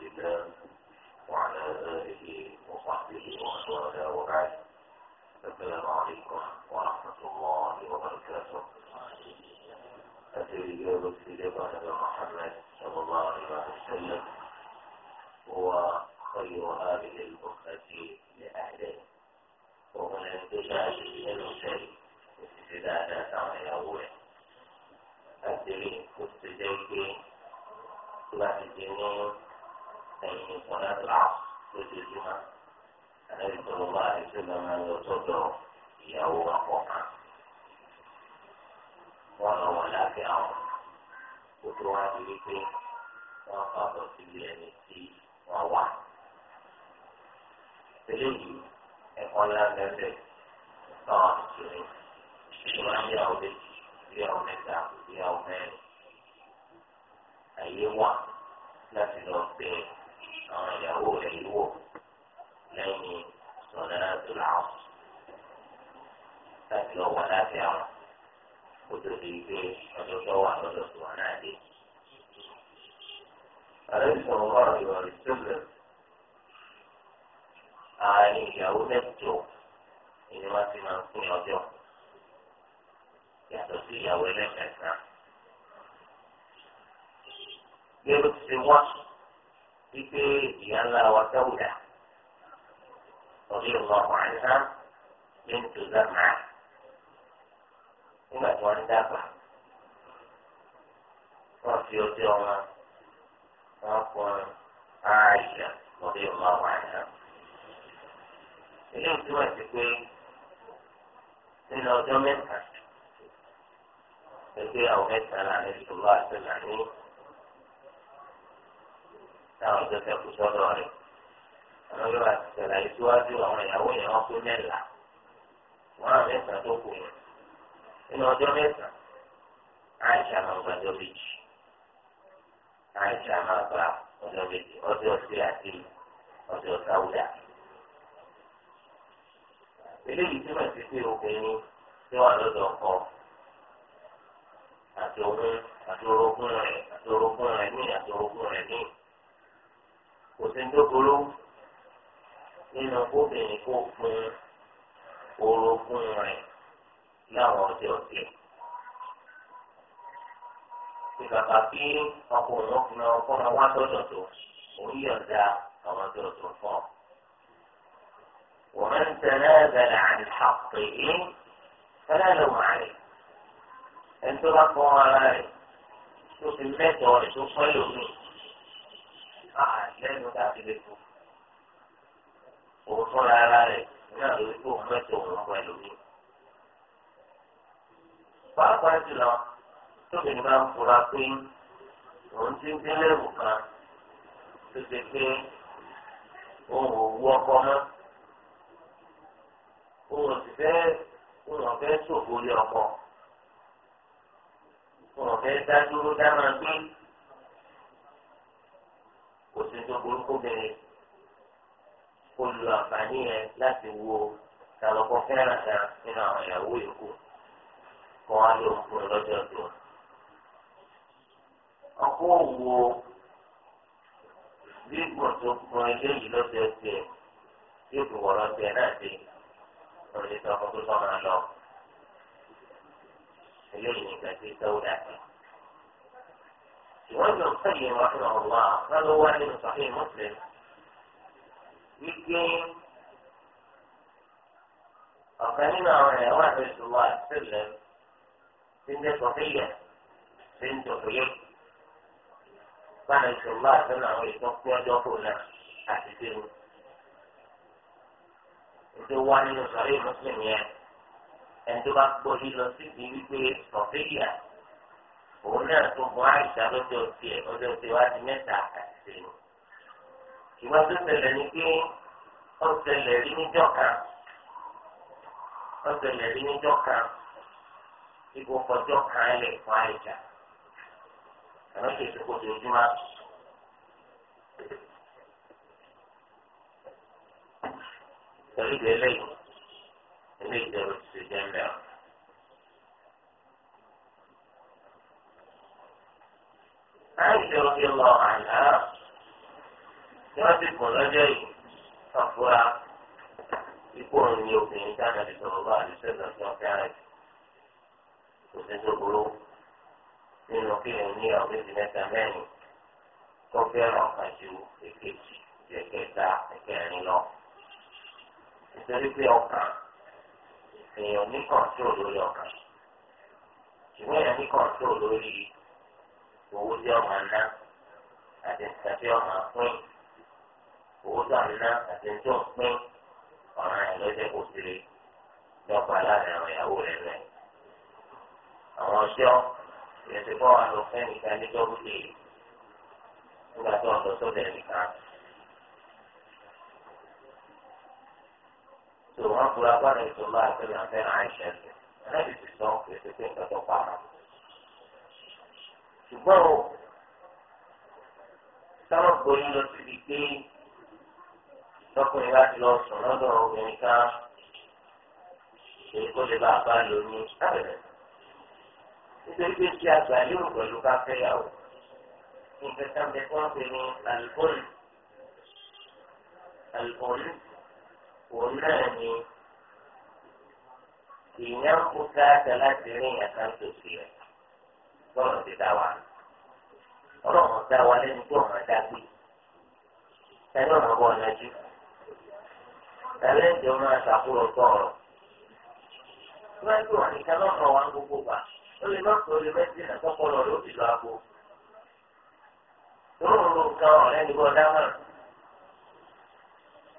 الله وعلى آله وصحبه ومن والاه وبعد السلام عليكم ورحمة الله وبركاته أتي إجابة لقاء محمد صلى الله عليه وسلم هو خير هذه الأمة لأهله وهنا يدل منه شيء استدلالات على اول أدري كنت جيدي ما في sọlá tó àpò lójoojúmọ́ àlejò tó lọ bá àlejò lọ máa ń lọ sọ́dọ̀ ìyàwó àkọ́kàn wọn lọ wọn lábẹ́ àwọn kó tó wá di wípé wọn pàbọ síbi ẹni tí wọn wà. eléyìí ẹ̀kọ́ ńlá lẹ́sẹ̀ báwọn ìṣòro ìṣòro ìyàwó méjì ìyàwó mẹ́ta ìyàwó mẹ́rin àyè wà láti lọ bẹ́ẹ̀ àwọn ìyàwó rẹ̀ yìí wọ̀ lẹ́yìn sọ̀lẹ́tò làwọn láti lọ wà láti àwọn kó tó di pé ọjọ́ tó wà lọ́dọ̀ tó wà náà dé. Àlẹ́ sọ̀rọ̀ wà lọ́wọ́ ìṣẹ̀lẹ̀ àárín ìyàwó mẹ́jọ ni wọ́n ti máa ń pín ọjọ́ yàtọ̀ sí ìyàwó ẹlẹ́kẹ̀ẹ́ta. Bí ó ti wá wípé ìyá ńlá wa dáwùdà ọ̀bí ìwà ọ̀hánṣá ló ń tó dáná nígbà tí wọ́n ń dàgbà wọ́n fi ọjọ́ wọn wọ́n ààyè ọ̀bí ìwà ọ̀hánṣá. ilé ìtumọ̀ sí pé nínú ọjọ́ mẹ́ta ẹgbẹ́ àwọn mẹ́ta là ní ìṣòro àti là táwọn akẹ́kẹ́ kù sọ́dọ̀ rẹ̀ àwọn yóò wá ṣàlàyé síwájú àwọn ìyàwó yẹn wọ́n pé mẹ́la wọ́n á mẹ́sàn tó kù yẹn nínú ọjọ́ mẹ́sàn àìsà máa gba ọjọ́ méjì àìsà máa gba ọjọ́ méjì ọjọ sí àti sáwùdà eléyìí pé obìnrin tí àti ogún kò sí tó burú nínú kóbìnrin kó pin orogún rẹ̀ láwọn ọjọ́ ọ̀sẹ̀. ìgbàgbà bí ọkùnrin ọkùnrin ọkùnrin wá sọ́dọ̀ tó òun yọ̀ǹda àwọn ọjọ́ tó fọ́. ومن تنازل عن حقه فلا لوم عليه ẹni tó bá kọ́ ara rẹ̀ tó fi mẹ́tọ̀ọ́ rẹ̀ tó fọ́ lómi àlẹ́nu tàbí lẹ́kọ̀ọ́ òun fúnra ara rẹ̀ náà ló kó mẹ́tò òun wọ ẹlòmíì. pàápàá jùlọ tóbi ní bá ń fura pé òun ti ń dé lẹ́rù kan tó ṣe pé òun ò wú ọkọ mọ́ òun fẹ́ òun lé ọkọ òun dá dúró dá máa gbé. kò sí tó burúkú bẹ̀rẹ̀ kó lu àǹfààní yẹn láti wo kálọ́kọ́ fẹ́ràn kan nínú àwọn ìyàwó yòókù kọ́ wá ló ń kúrò lọ́jọ́ tó. ọkọ wo gbígbọ̀n tó gbọ́n eléyìí lọ́jọ́ tiẹ̀ yóò fi wọ̀ lọ́jọ́ náà dé lórí ìtọ́kọ tó tọ́ lọ. eléyìí nìkan ti sọ́wọ́ dàgbà. وابن القيم رحمه الله هذا هو من صحيح مسلم يمكن أقننا على واحد صلى الله عليه وسلم بنت صفية بنت حيي كان صلى الله عليه وسلم ويتوفي دخولا أحسن ètò wa nínú sọ̀rọ̀ ìmùsùlùmí yẹn ẹni tó bá gbọ́ yìí lọ sí ibi wípé sọ̀fẹ́yà òun náà tó bọ àìsàn lọ́jọ́ tiẹ̀ ọjọ́ tiẹ̀ wá di mẹ́ta àti sẹ́yìn. ìwọ́n tó ṣẹlẹ̀ ni pé ó ṣẹlẹ̀ rí níjọ́ kan ó ṣẹlẹ̀ rí níjọ́ kan ibò kọjọ́ kan lè fún àìsàn. àmọ́ kì í ṣe kó dojúmọ́. pẹ̀lú ìdẹ́lẹ́yìn ilé ìjọba ti ṣe jẹ́ mẹ́rin. àìsè rọ́bì lọ àná tí wọ́n ti kùn lọ́jọ́ yìí wọ́n fura ikú òun ni obìnrin dáná ti sọ̀rọ̀ bá àdìsẹ́ lọ sí ọ̀fẹ́ rẹ̀ kò sí tó burú nínú kí èèyàn ní àwọn méjì mẹ́ta mẹ́rin tó fẹ́ràn kan ju èkejì ẹ̀kẹta ẹ̀kẹrin lọ nítorí pé ọkàn èèyàn ní kọ̀ǹtò lórí ọkàn ìwé èèyàn ní kọ̀ǹtò lórí ọkàn owó tí ọmọ ná àti tàbí ọmọ pín owó tó ń ná àti tó pín ọ̀ràn ẹ̀ lọ́jọ́ kò sí lọ́pàá láàrin àwọn ìyàwó rẹ̀ rẹ̀. àwọn ọjọ́ ìrètí bọ́ wà lọ fẹ́ nìkan ní dọ́bùlì nígbà tó ọ̀dọ́ sódẹ̀ nìkan. tòun wọn kura bá rẹ̀ tó bá àìṣẹ́ rẹ̀. ẹ̀rẹ́ sọ ètò pé nǹkan tó pa wọn ṣùgbọ́n o táwọn gbòòyìn lọ síbi pé lọ́kùnrin láti lọ sùn lọ́dọ̀ obìnrin kan èyí kó lè bá a bá lóyún lábẹ́rẹ́ nítorí pé kí àgbà yóò pẹ̀lú káfíńyàwó nǹkan kan bẹ fún ọ̀gbìnrin àlùkòlù àlùkòlù òun náà ni èèyàn kó káàkiri láti rí ìyàtọ̀ tòsí bọ́lọ̀ ti dá wa ọlọ́run dá wa lẹ́nu tó ọ̀ràn dá gbé ẹni ọ̀ràn bọ̀ ọ̀nàjú ẹlẹ́yìn tó máa ṣàkóso sọ̀rọ̀ tí wọ́n gbé wọn nìkan lọ́kàn wa gbogbo gbà ó lè má pé ó lè mẹ́tì náà kọ́kọ́ lọ ló ti lọ abo ó ń ro nǹkan ọ̀rẹ́ ní bọ́ọ̀dá mọ̀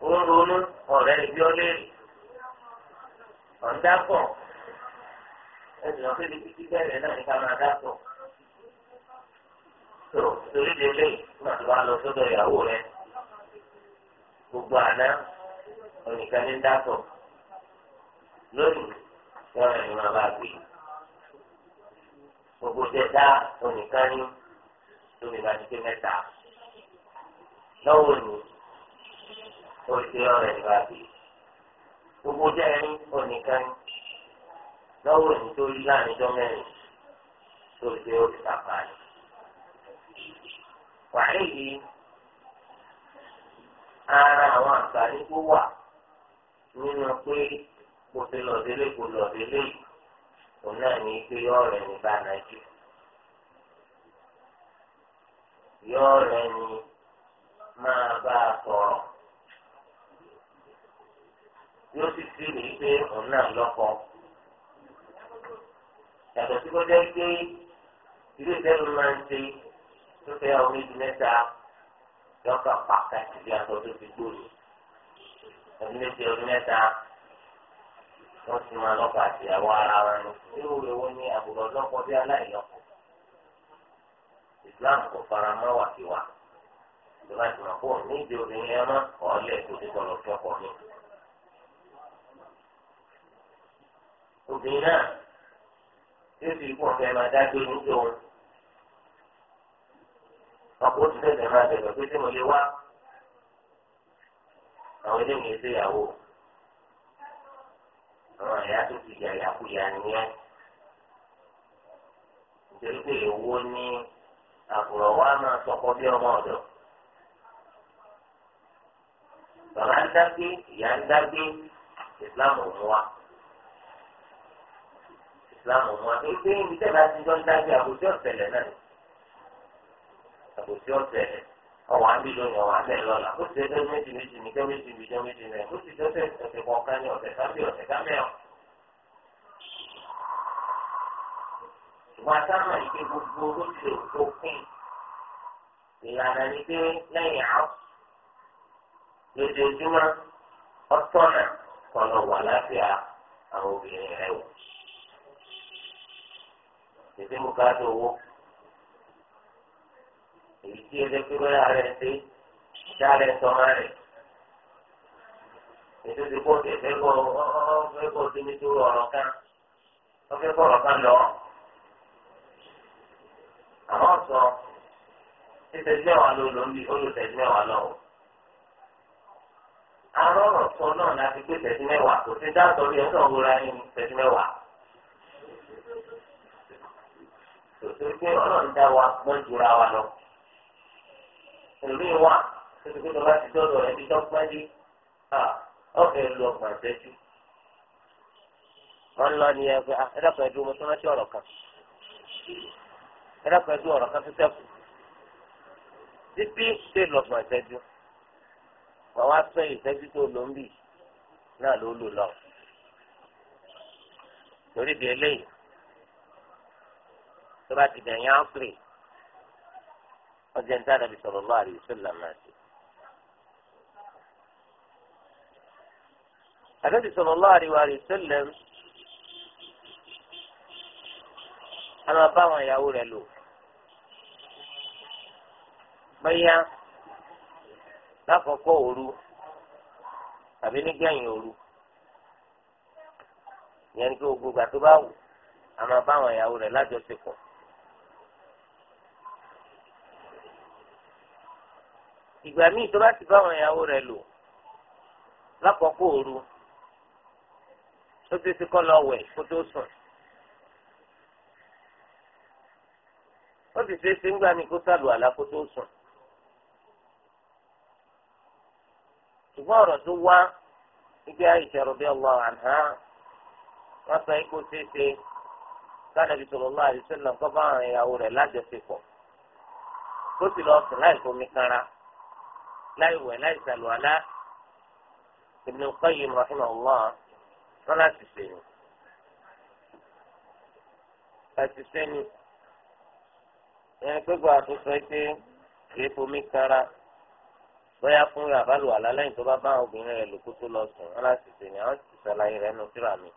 ó ń ronú ọ̀rẹ́ ní bí ó léèrè ọ̀ńdá pọ̀ ẹ̀sìn ọ̀sẹ̀ bíi títí bẹ̀rẹ̀ náà ní ká máa dáàbò. tó torí délé náà ti wá lọ sọ́dọ̀ ìyàwó rẹ gbogbo àná onìkan ní dáàbò lónìí yọrọ ẹni máa bá gbé gbogbo tẹ dá onìkan ní lórí ìbáṣepẹ mẹ́ta lọ́wọ́ ni orí tẹ yọrọ gbogbo tẹ ẹni onìkan ní lọ́wọ́ ẹni tó rí láàrin ọjọ́ mẹ́rin tó ṣe ó ti pàpà rẹ̀. wàhálì yìí ara àwọn àǹfààní tó wà nínú pé kò ṣe lọ́dẹ́lé kò lọ́dẹ́lé yìí òun náà ní pé ọ̀rọ̀ ẹni bá nájú. yọ̀ọ̀rọ̀ ẹni máa bá a sọ̀rọ̀ yóò sì sí ní pé òun náà lọ́kọ̀ọ́ yàtọ̀ sí kó jẹ́ pé ìlú ìtẹ́lu máa ń ṣe tó fẹ́ àwọn méjì mẹ́ta yọkà pàtàkì bí aṣọ tó fi gbòòrò ọdún méjì ọdún mẹ́ta wọ́n ti máa lọ́kọ̀ àtìyàwó ara wọn ni irú ewu ni àbúrò ọlọ́kọ bí aláìlọ́kọ Islam kò fara mọ́ wàkíwà ìjọba ìgbìmọ̀ pọ̀ ní ìdí obìnrin ẹ mọ́ ọ̀ọ́lẹ̀ tó ti kọ̀ lọ́kọ̀ mi. obìnrin náà èsì ikú ọ̀fẹ́ máa dágbé ní tòun. ọkọ̀ tí lẹ́sẹ̀ máa bẹ̀rẹ̀ pé tí mo lè wá àwọn eléyìí ṣe ìyàwó àwọn àyà tó ti yà yàkuyà nìyẹn. nítorí pé èwo ni àkùrọ̀ wa máa sọ̀kọ́ bí ọmọ ọ̀dọ̀. bàbá ń dágbé ìyá ń dágbé ìsìláàmù mú wa islam ọmọ wa ní pé ibi tẹ́lá ti jọ ń dájú àbòsí ọ̀sẹ̀lẹ̀ náà ni àbòsí ọ̀sẹ̀lẹ̀ ọwọ́ àbí lónìí ọwọ́ abẹ́ lọ́la ó ti ẹjọ́ méjì méjì ní jọ́ méjì ní jọ́ méjì náà ó ti jọ́sẹ̀ ọ̀sẹ̀ kọ̀ọ̀kan ní ọ̀sẹ̀ sábì ọ̀sẹ̀ kámẹ́ọ̀. ṣùgbọ́n atáwọn ìgbé gbogbo ló ti lè tó pín ìlànà ni pé lẹ́yìn àwọn lójoojúmọ́ ọ̀tọ́nà kọ́ lọ wà láfíà àwọn obìnrin rẹ̀ wọ̀ èsì bùkátà owó èyí tí ẹgbẹ́ pé bóyá rẹ̀ ń dé ìṣá rẹ̀ ń tọ́ra rẹ̀ ètò ti kó ẹgbẹ́ kó ọgbẹ́ kó sí ní túrú ọ̀rọ̀ kan ọgbẹ́ kó ọ̀rọ̀ kan lọ. àwọn sọ títẹ̀sí mẹ́wàá ló ló ń bí olùtẹ̀sí mẹ́wàá lọ́wọ́. àwọn ọ̀rọ̀ sọ náà láti gbé tẹ̀sí mẹ́wàá kò sí dáàtọ̀ bí ẹ̀ wúra ní tẹ̀sí mẹ́wàá. tòtòrí pé ọlọ́run dá wa wọ́n jura wa lọ. ẹlòmíín wà títí pé bàbá ti dọ́dọ̀ ẹbí dọ́gbọ́n dé ọ̀fẹ́ lu ọgbọ̀n ìṣẹ́jú. wọ́n ń lọ ní ẹgbẹ́ ẹ̀dàpọ̀ ẹ̀dùn ọmọ tó rántí ọ̀rọ̀ kan ẹ̀dàpọ̀ ẹ̀dùn ọ̀rọ̀ kan tó sẹ́kù. títí ṣe lu ọgbọ̀n ìṣẹ́jú. wọ́n wá pẹ́ ìṣẹ́jú tó lò ń bì náà ló lò lọ. torí bí eléyìí tó bá ti dẹ̀yìn áńpìlì ọjọ́ níta nàbì sallallahu alaihi wasallam. àdébì sallallahu alaihi wasallam a máa bá àwọn ìyàwó rẹ̀ lò bẹ́yà lákòókò òru tàbí nígbẹ̀yìn òru ìyẹn ní kí gbogbo àti bá wù a bá àwọn ìyàwó rẹ̀ lájọṣepọ̀. ìgbà míì tó bá ti bá àwọn ìyàwó rẹ̀ lò lákòókò ooru ó ti ti kọ́ lọ wẹ̀ kó tó sùn. ó sì ṣeé ṣe ń gbà mí kó sàlù àlá kó tó sùn. ṣùgbọ́n ọ̀rọ̀ tó wá nígbà Àìṣà radiyallahu anha wọ́n sọ ikú ṣeé ṣe kánàbí sallallahu alaihi wasallam kọ́ bá àwọn ìyàwó rẹ̀ lájọṣepọ̀ kó sì lọ sùn láì fomi kanra láì wẹ̀ láì sàlùwàlá Ibn Qayyim rahimahullah wọn láti sèyìn láti sẹ́ni ẹni gbogbo àtúnṣe pé kìí fomi kára bóyá fún àbálò àlálẹ́yìn tó bá bá obìnrin rẹ̀ lòkú tó lọ sùn wọn láti sèyìn àwọn sì sàlàyé rẹ̀ nù síra mi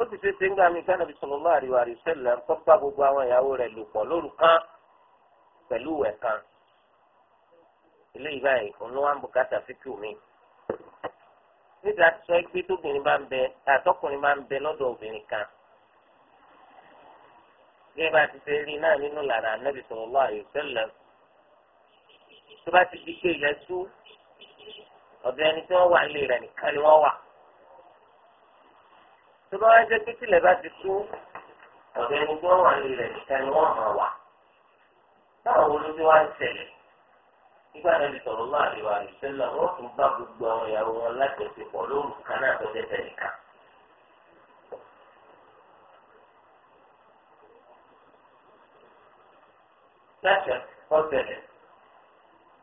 ó ti ṣe ṣéńgá mi ká nàbí sallallahu alaihi wa sallam ń tọ́pá gbogbo àwọn ìyàwó rẹ̀ lò pọ̀ lóru kan pẹ̀lú ìwẹ̀ kan eléyìí báyìí olówó àbùkátà fíkù mi nígbà tí sọ pé tóbìnrin bá ń bẹ àtọkùnrin bá ń bẹ lọ́dọ̀ obìnrin kan gẹ́gẹ́ bá ti ṣe rí náà nínú ìlànà ànábì sallallahu alaihi wasallam tó bá ti di pé ilẹ̀ tú ọ̀dọ̀ ẹni tí wọ́n wà nílé rẹ̀ nìkan ni wọ́n wà tó bá wá jẹ́ pé tilẹ̀ bá ti tú ọ̀dọ̀ ẹni tí wọ́n wà nílé rẹ̀ nìkan ni wọ́n hàn wà báwo ló ti wá ń ṣẹlẹ̀ nígbà náà sọ̀rọ̀ lọ́wọ́ àríwá ìṣẹ́lẹ̀ wọ́n tún bá gbogbo àwọn ìyàwó wọn lájọṣepọ̀ lóru kan náà tó dé tẹ̀lìkan. láṣẹ ọ̀sẹ̀lẹ̀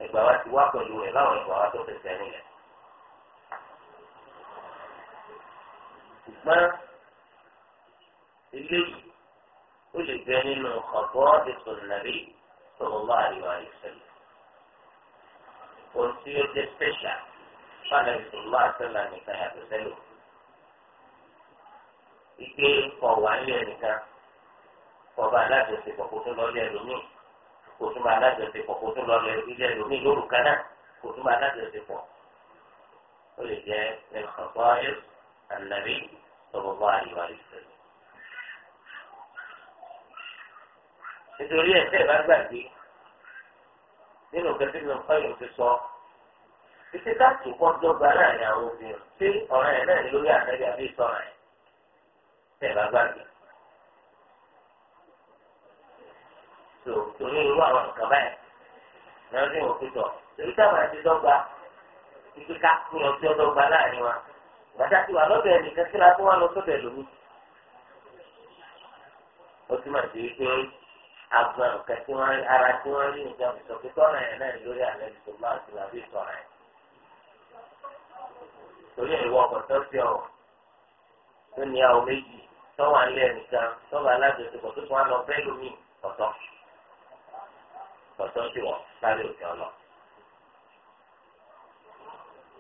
ẹgbà wa ti wá pẹ̀lú rẹ̀ láwọn ẹgbà wa tó fẹsẹ̀ nílẹ̀. ṣùgbọ́n eléyìí ó lè jẹ́ nínú ọ̀pọ̀ ètò ìnàbí sọ̀rọ̀ lọ́wọ́ àríwá ìṣẹ́lẹ̀ ohun tí ó jẹ́ special fáwọn ìṣòro àtẹlà nìkan yàtọ̀ sẹ́lò. Ike kọ̀ wá ń lé nìkan kọba alájọṣepọ̀ kó tó lọ́lẹ́ ẹlòmíì kó tó bá alájọṣepọ̀ kó tó lọ́lẹ́ ilé ẹlòmíì lóru kaná kó tó bá alájọṣepọ̀. Ó lè jẹ́ ẹ̀kọ́ ayé ànàbí sọ̀rọ̀ àríwá ìfẹ́. Nítorí ẹ̀sẹ̀ bá gbàgbé nínú kẹtí ní ọkọ yìí ti sọ títí káàkiri kọ́ dọ́gba láàrin àwọn obìnrin tí ọ̀ràn yẹn náà lórí àtẹ́jú àbí ìsọ̀ràn yẹn tẹ̀ bá gbàgbé. tó torí irú àwọn nǹkan báyìí náà ní òkútọ̀ èyí táwọn àti dọ́gba títí káàkiri ọjọ́ dọ́gba láàrin wa gbàdá ti wà lọ́dọ̀ ẹnìkan síra tó wà lọ́sọ̀dọ̀ ẹlòmíì. ó túmọ̀ sí pé àgbọn nǹkan tí wọ́n ara tí wọ́n rí nǹkan sọ pé tọ́nà yẹn náà lórí àlẹ́ ìṣòwò àti làbí ìtọ́nà yẹn. torí ìwọ ọkọ̀ tó ṣe ọ̀ tó ní àwọn méjì tọ́wọ́ alẹ́ nìkan tọ́wọ́ alájọṣepọ̀ tó tún á bẹ́ẹ̀ lómi ọ̀tọ̀ ọ̀tọ̀ sí wọn lábẹ́ òkè ọlọ.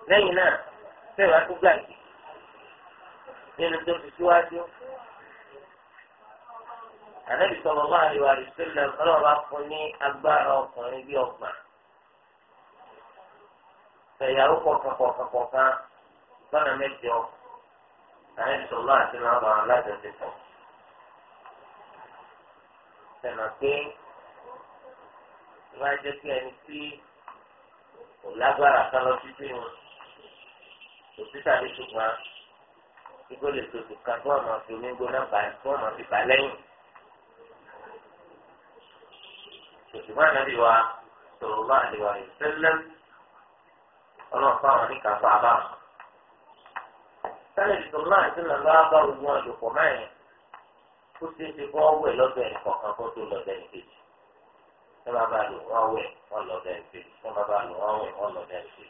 lẹ́yìn náà fẹ́ẹ̀ wá tó gbàgbé nínú tó ti síwájú ànábì sallallahu alaihi wa sallam ọlọ́run bá fún ní agbára ọkùnrin bí ọgbà fẹ̀yàwó kọ̀ọ̀kan kọ̀ọ̀kan kọ̀ọ̀kan lọ́nà mẹ́jọ ànábì sallallahu àti máa bá wọn lájọṣepọ̀ sẹ̀nà pé wọ́n á jẹ́ kí ẹni tí kò lágbára kan lọ sí sí wọn kò sí tàbí ṣùgbọ́n igbó lè tòṣù kan tí wọ́n máa fi omi gbóná bá tí wọ́n máa fi bá lẹ́yìn. ṣùgbọ́n ànábì wa sọ̀rọ̀ bá àdìwà ìṣẹ́lẹ̀ ọlọ́pàá wọn ní kápá bá. sálẹ̀ ìṣòro náà ti nàgbà bá ogun àlòpọ̀ mẹ́rin ó ti fi kọ́ wẹ̀ lọ́dọ̀ ẹ̀ kọ̀ọ̀kan kó tó lọ́dọ̀ ẹ̀ kejì. wọ́n máa bá lò wọ́n wẹ̀ wọ́n lọ́dọ̀ ẹ̀ kejì. wọ́n máa bá lò wọ́n wẹ̀ wọ́n lọ́dọ̀ ẹ̀ kejì.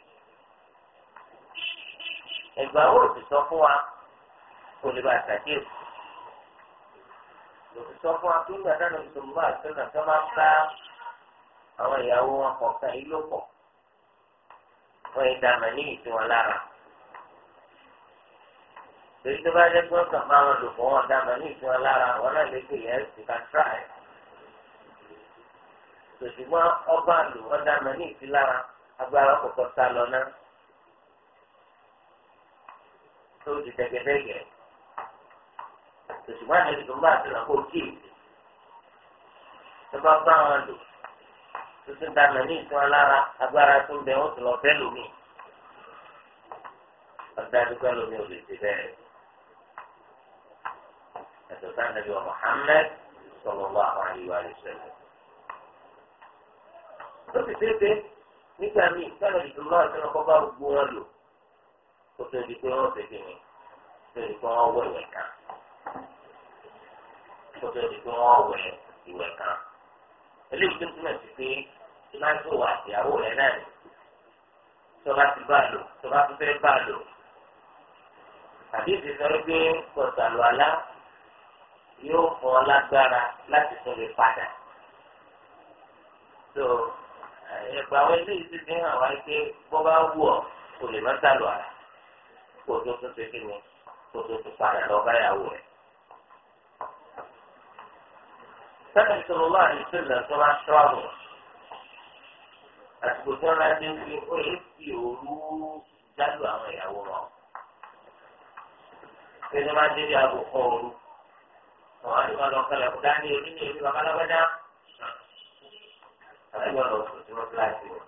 ẹ̀gbà wo ti sọ fún wa kò lè bá àtàkìrì lòtú sọ fún wa kí ń gbàdánù ìṣòro bá àtúnà àwọn ìyàwó wọn kọ̀ọ̀kan yìí ló pọ̀ wọ́n yìí dá màá ní ìsìn wọn lára èyí tó bá dé pé wọ́n kàn bá wọn lò pọ̀ wọn dá màá ní ìsìn wọn lára wọn náà lè pè yẹn sì ká tíráì tòṣùgbọ́n ọba lò wọ́n dá màá ní ìsìn lára agbára kọ̀kọ́ sá lọ náà tó ti dẹ́gẹ́dẹ́gẹ́ tòṣùgbọ́n àti ìdùnnú àti ìrànkó kéèké tó bá bá wọn lò tuntun dáná ní ìfún alára agbára tó ń bẹ wọn ti lọ fẹ́ lómi ọ̀dájú pẹ́ lómi ò lè ṣe bẹ́ẹ̀ ẹ̀sọ̀ sáà nàbí wa Muhammad sallallahu alaihi wa sallam. ó sì ṣe é pé nígbà míì sẹ́nu ìdúró ọ̀sẹ̀ ọkọ̀ bá gbó wọn lò kó tó di pé wọ́n fèsì mi tó di pé wọ́n wẹ̀wẹ̀ kan kó tó di pé wọ́n wẹ̀ ìwẹ̀ kan. eléyìí tó túmọ̀ sí pé láti wà ìyàwó rẹ̀ náà ni tó bá ti bá lò tó bá ti fẹ́ bá lò àbí ti sọ pé kọ̀tàlù àlá yóò fún ọ lágbára láti tún lè padà tó ẹgbà àwọn eléyìí ti fi hàn wáyé pé bó bá wù ọ kò lè má sàlù àlá kó tó tún ṣe kí ni kó o tó tún padà lọ bá ìyàwó rẹ̀. sẹ́yìn tó lọ́wọ́ àdìsí ìlànà máa ń ṣọ́ àbùrù àsìkò tí wọn bá dé fi ó yẹ fi òru jálù àwọn ìyàwó wọn pé ní wọn dé bí aago kọ òru wọn á lè wọn lọ kẹlẹ kó dání èmi ní èmi bàbá lágbájá àti wọn lọ sùn sínú kíláàsì wọn.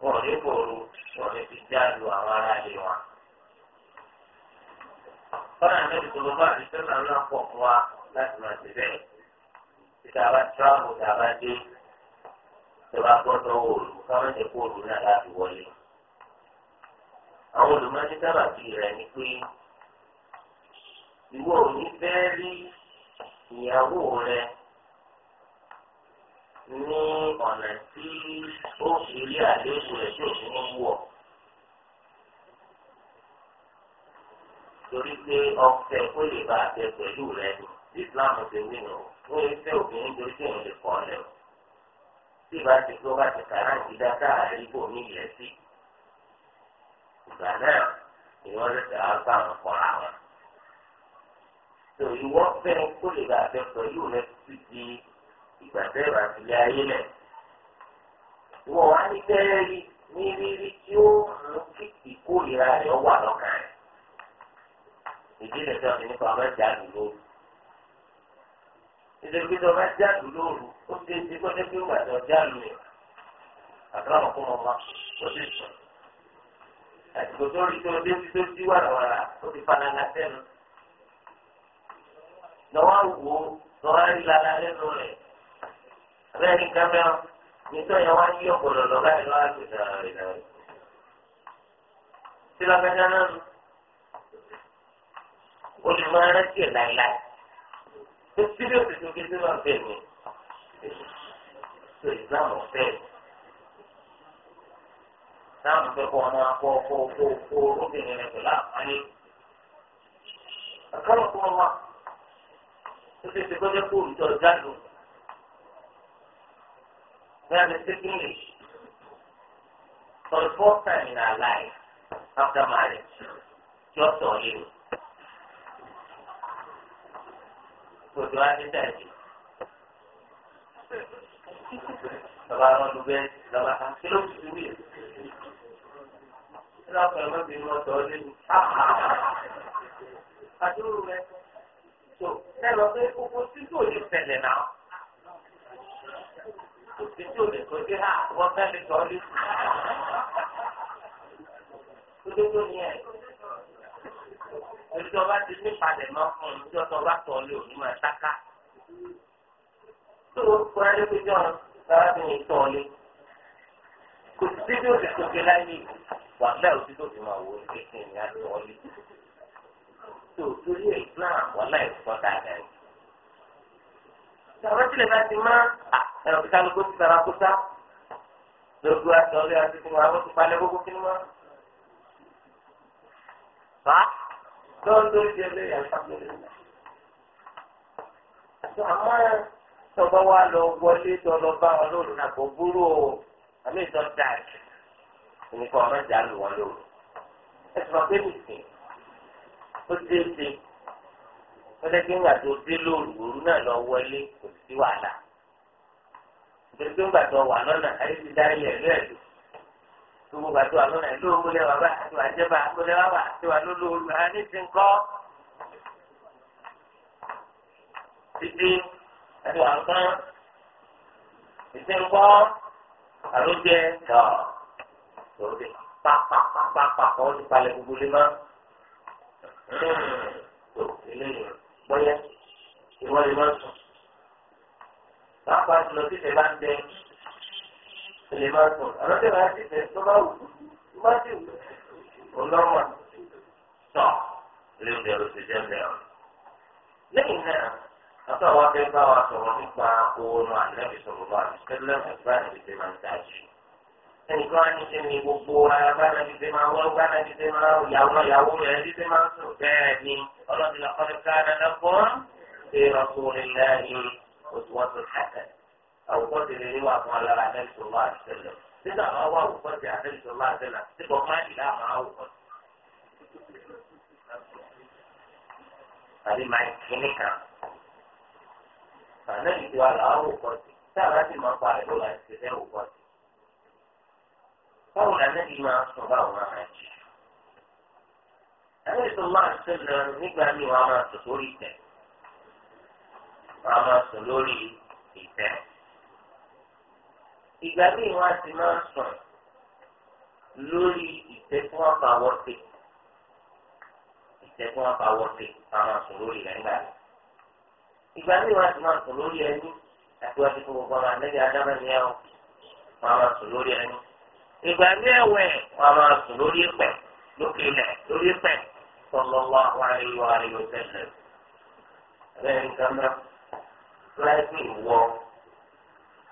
wọn ò ní kóoru wọn ò ní fi jálù àwọn aráàlú wọn. kọ́nà àti ìṣòro àti sẹ́nà ńlá pọ̀ fún wa láti máa ṣe bẹ́ẹ̀. tí tíráàbù tá dé tẹ́wá gbọ́dọ̀ òòlù káwọn ṣe kó òòlù náà láti wọlé. àwọn olùmọ̀ọ́ni sábà fi rẹ̀ ni pé ìwọ ò ní fẹ́ rí ìyàwó rẹ ní ọ̀nà tí ó fi rí àléébù rẹ̀ tí òfin ń wọ̀. torí pé ọ̀fẹ́ kó lè bá àtẹ pẹ̀lú rẹ ní Islam ṣe wí nù ó ń fẹ́ obìnrin torí pé òun lè kọ́ ọ lẹ́wọ̀n tí ìbá ti tó bá ti kàrá ìdá káàárín bò ní ilẹ̀ sí. ìgbà náà ni wọ́n lè tẹ̀ wá bá wọn kọ́ra wọn. tó ìwọ fẹ́ kó lè bá fẹ́ pẹ̀lú rẹ títí ìgbà tẹ́ bá ti lé ayé lẹ̀. ìwọ wá ní tẹ́ẹ̀rí ní rírí tí ó mú kí ìkórìíra rẹ̀ wà lọ́kàn rẹ̀. ìdílé sọ́ọ̀tì nípa ọmọ ìjà lù lóru nítorí pé tó bá jáàlù lóru ó ti ti kó dé pé ó gbàdọ̀ jáàlù yẹn àbúrò àwọn kó mọ̀ wá ó ti sùn àtìkò tó rí tó dé tó dí wàràwàrà ó ti fanana sẹ́nu lọ́wọ́ wò ó lọ́wọ́ rí lala lẹ́nu rẹ̀ abẹ́rẹ́ kámẹ́rà nítorí yẹn wá yí ọ̀pọ̀lọ̀ lọ́ba ẹ̀ lọ́wọ́ àti ìdára rẹ̀ náà sílọ́gbẹ́dá náà olùmọ̀ ẹ̀rẹ́ tiẹ̀ láéláé tó tí bí òṣèlú kí sí máa ń fẹ́ mi tó ìsìláàmù fẹ́ ìsìláàmù fẹ́ kó ọmọ akọ kó kó kó obìnrin rẹ pẹ̀lú àpáyé àkàrà kó ọmọ tó ṣe ṣe kọjá kó olùtọ́ jáde ní a lè ṣe English for the first time in our life after marriage just on you. tòdì wá dé tẹ̀lé. Bàbá àwọn olùgbé bàbá kan kí ló ti fi wí? Ṣé lápò ẹ̀rọ bí wọ́n sọ ọ́ lẹ́nu? Àdúró rẹ̀ tó ẹ lọ pé gbogbo títí ò lè tẹ̀lé náà. Títí ò lè tó dé hà wọ́n fẹ́ lè sọ ọ́ lẹ́nu. Tó tó ní ẹ̀ ẹni tí ọba ti nípalẹ̀ mọ́ fún un tí ọtọ bá tọ̀ lé òní máa sáká. tó o fún ẹni pé jọ bàbá mi yìí tọ̀ lé kò sí bí o ti tó ké láyé wà láì òsì tó fi máa wò ó kéèké ní àtọ̀ lé. tó o torí ẹ̀ Islam wà láì sọ dáadáa yìí. Àwọn tilẹ̀ bá ti máa ẹ̀rọ kíkálukú ti sara kó sá lójú àtọ̀ lé àti fún wa wọ́n ti palẹ̀ gbogbo kí ni wọ́n. Bá lọ́dún tí ẹlẹ́yà sábẹ́lẹ̀ náà. àmọ́ tọ́gbọ́ wa lọ wọlé tó lọ bá wọn lóru náà kò burú o àmì ìtọ́ dáàkì nǹkan ọmọ ìjà lù wọn lóru. ẹ sọ pé nìsín ó dé dé pẹlẹgbẹ ńgbà tó dé lóru òru náà lọ wọlé kò sí wàhálà. ìgbésẹ̀ ńgbà tó wà lọ́nà ayé ti dá ilẹ̀ rẹ̀ lò gbogbo gbàtú wa lónà ìlú owó lẹ́wà bá àti wà jẹba àgbo lẹ́wà bá àti wà lólo olùhà ní ti ń kọ. títí àti wà nǹkan títí ń kọ àlójẹ tọ lórí pàpàpàpàpà kọ́ ti palẹ̀ gbogbo lé mọ́. tó eléyìí bọ́yá ìwọ́n lè má sùn. pàápàá jùlọ títẹ̀ bá ń bẹ lè máa sọ ọ̀rọ̀ tẹ̀ máa ti fẹ́ tó bá wù tó bá ti wù ọlọ́mọ tọ̀ lè bẹ̀rẹ̀ ló ti jẹ́ bẹ̀rẹ̀. lẹ́yìn náà afẹ́ wa fẹ́ bá wa sọ̀rọ̀ nípa oorun ànábì sọ̀rọ̀ bá àti sẹ́lẹ̀ ẹ̀gbá àti ṣe máa ń tají. ẹnìkan á ní ṣe ni gbogbo ara bá nàbí ṣe máa wọ́n bá nàbí ṣe máa yàwó yàwó rẹ̀ ẹbí ṣe máa ń sùn bẹ́ẹ̀ ni ọlọ́dún lọ́kọ́ ní ká àwòkọ́sí lè wà fún alára àdẹ́sọ̀lá àtẹlẹ nígbà máa wá àwòkọ́sí àdẹ́sọ̀lá àtẹlẹ síbọ̀ máa dì láàmú àwòkọ́sí. àbí máa kíní kan àná ìdí wa là àwòkọ́sí táàbà sì máa pa àdó láti ṣe fẹ́ àwòkọ́sí. báwo la náà yìí máa sùn báwo máa máa jì? àdẹ́sọ̀lá àtẹlẹ nígbà míì wọ́n máa sùn lórí ìtẹ̀ wọ́n máa sùn lórí ìtẹ̀ ìgbà míì wọn á ti máa sùn lórí ìtẹ́ tí wọ́n fa wọ́tẹ̀ ìtẹ́ tí wọ́n fa wọ́tẹ̀ àwọn sùn lórí rẹ̀ ńgbà rẹ̀ ìgbà míì wọn á ti máa sùn lórí ẹni àti wọ́n ti fún gbogbo ọmọ àlẹ́gbẹ̀ẹ́ adámọ́ ni ẹ o wọ́n á máa sùn lórí ẹni ìgbà míì ẹ̀wẹ̀ wọ́n á máa sùn lórí ìpẹ́ lókè ilẹ̀ lórí ìpẹ́ sallallahu alaihi wa alihi wa sallam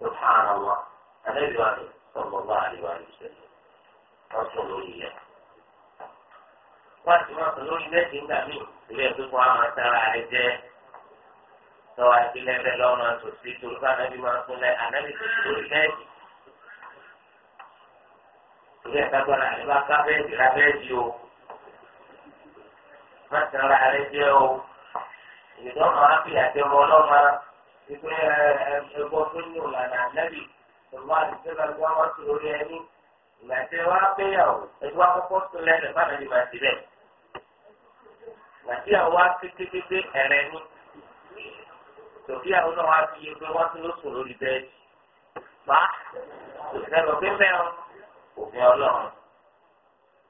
سبحان الله النبي صلى الله عليه وآله وسلم رسول الله wọ́n ti máa sọ lórí mẹ́sì ńgbà míì ilé ìdókòwò àwọn sára rẹ jẹ́ tọ́wọ́ agbélẹ́fẹ́ lọ́nà tòsí torí bá anábì máa sún lẹ́ anábì tó ti lórí mẹ́sì. ilé ìtagbọ́nà àdébá kábẹ́ẹ̀dì rábẹ́ẹ̀dì o má sára rẹ ìpè ẹ̀bọ tó ní ìlànà ànábì ìwà àdìsẹ́lá ni wọ́n ti lórí ẹni ìgbà tí wọ́n á péyàwó ẹni wọ́n kọ́kọ́ tó lẹ́nu fáwọn ẹni máa ti bẹ̀. ìgbà tí àwọn á kékeré ẹ̀rẹ̀ ni tòkí àwọn náà wá fi yege wọ́n ti lóṣù lórí bẹ́ẹ̀dì. pa ìṣẹ́lọ pé mẹ́rin òfin ọlọ́run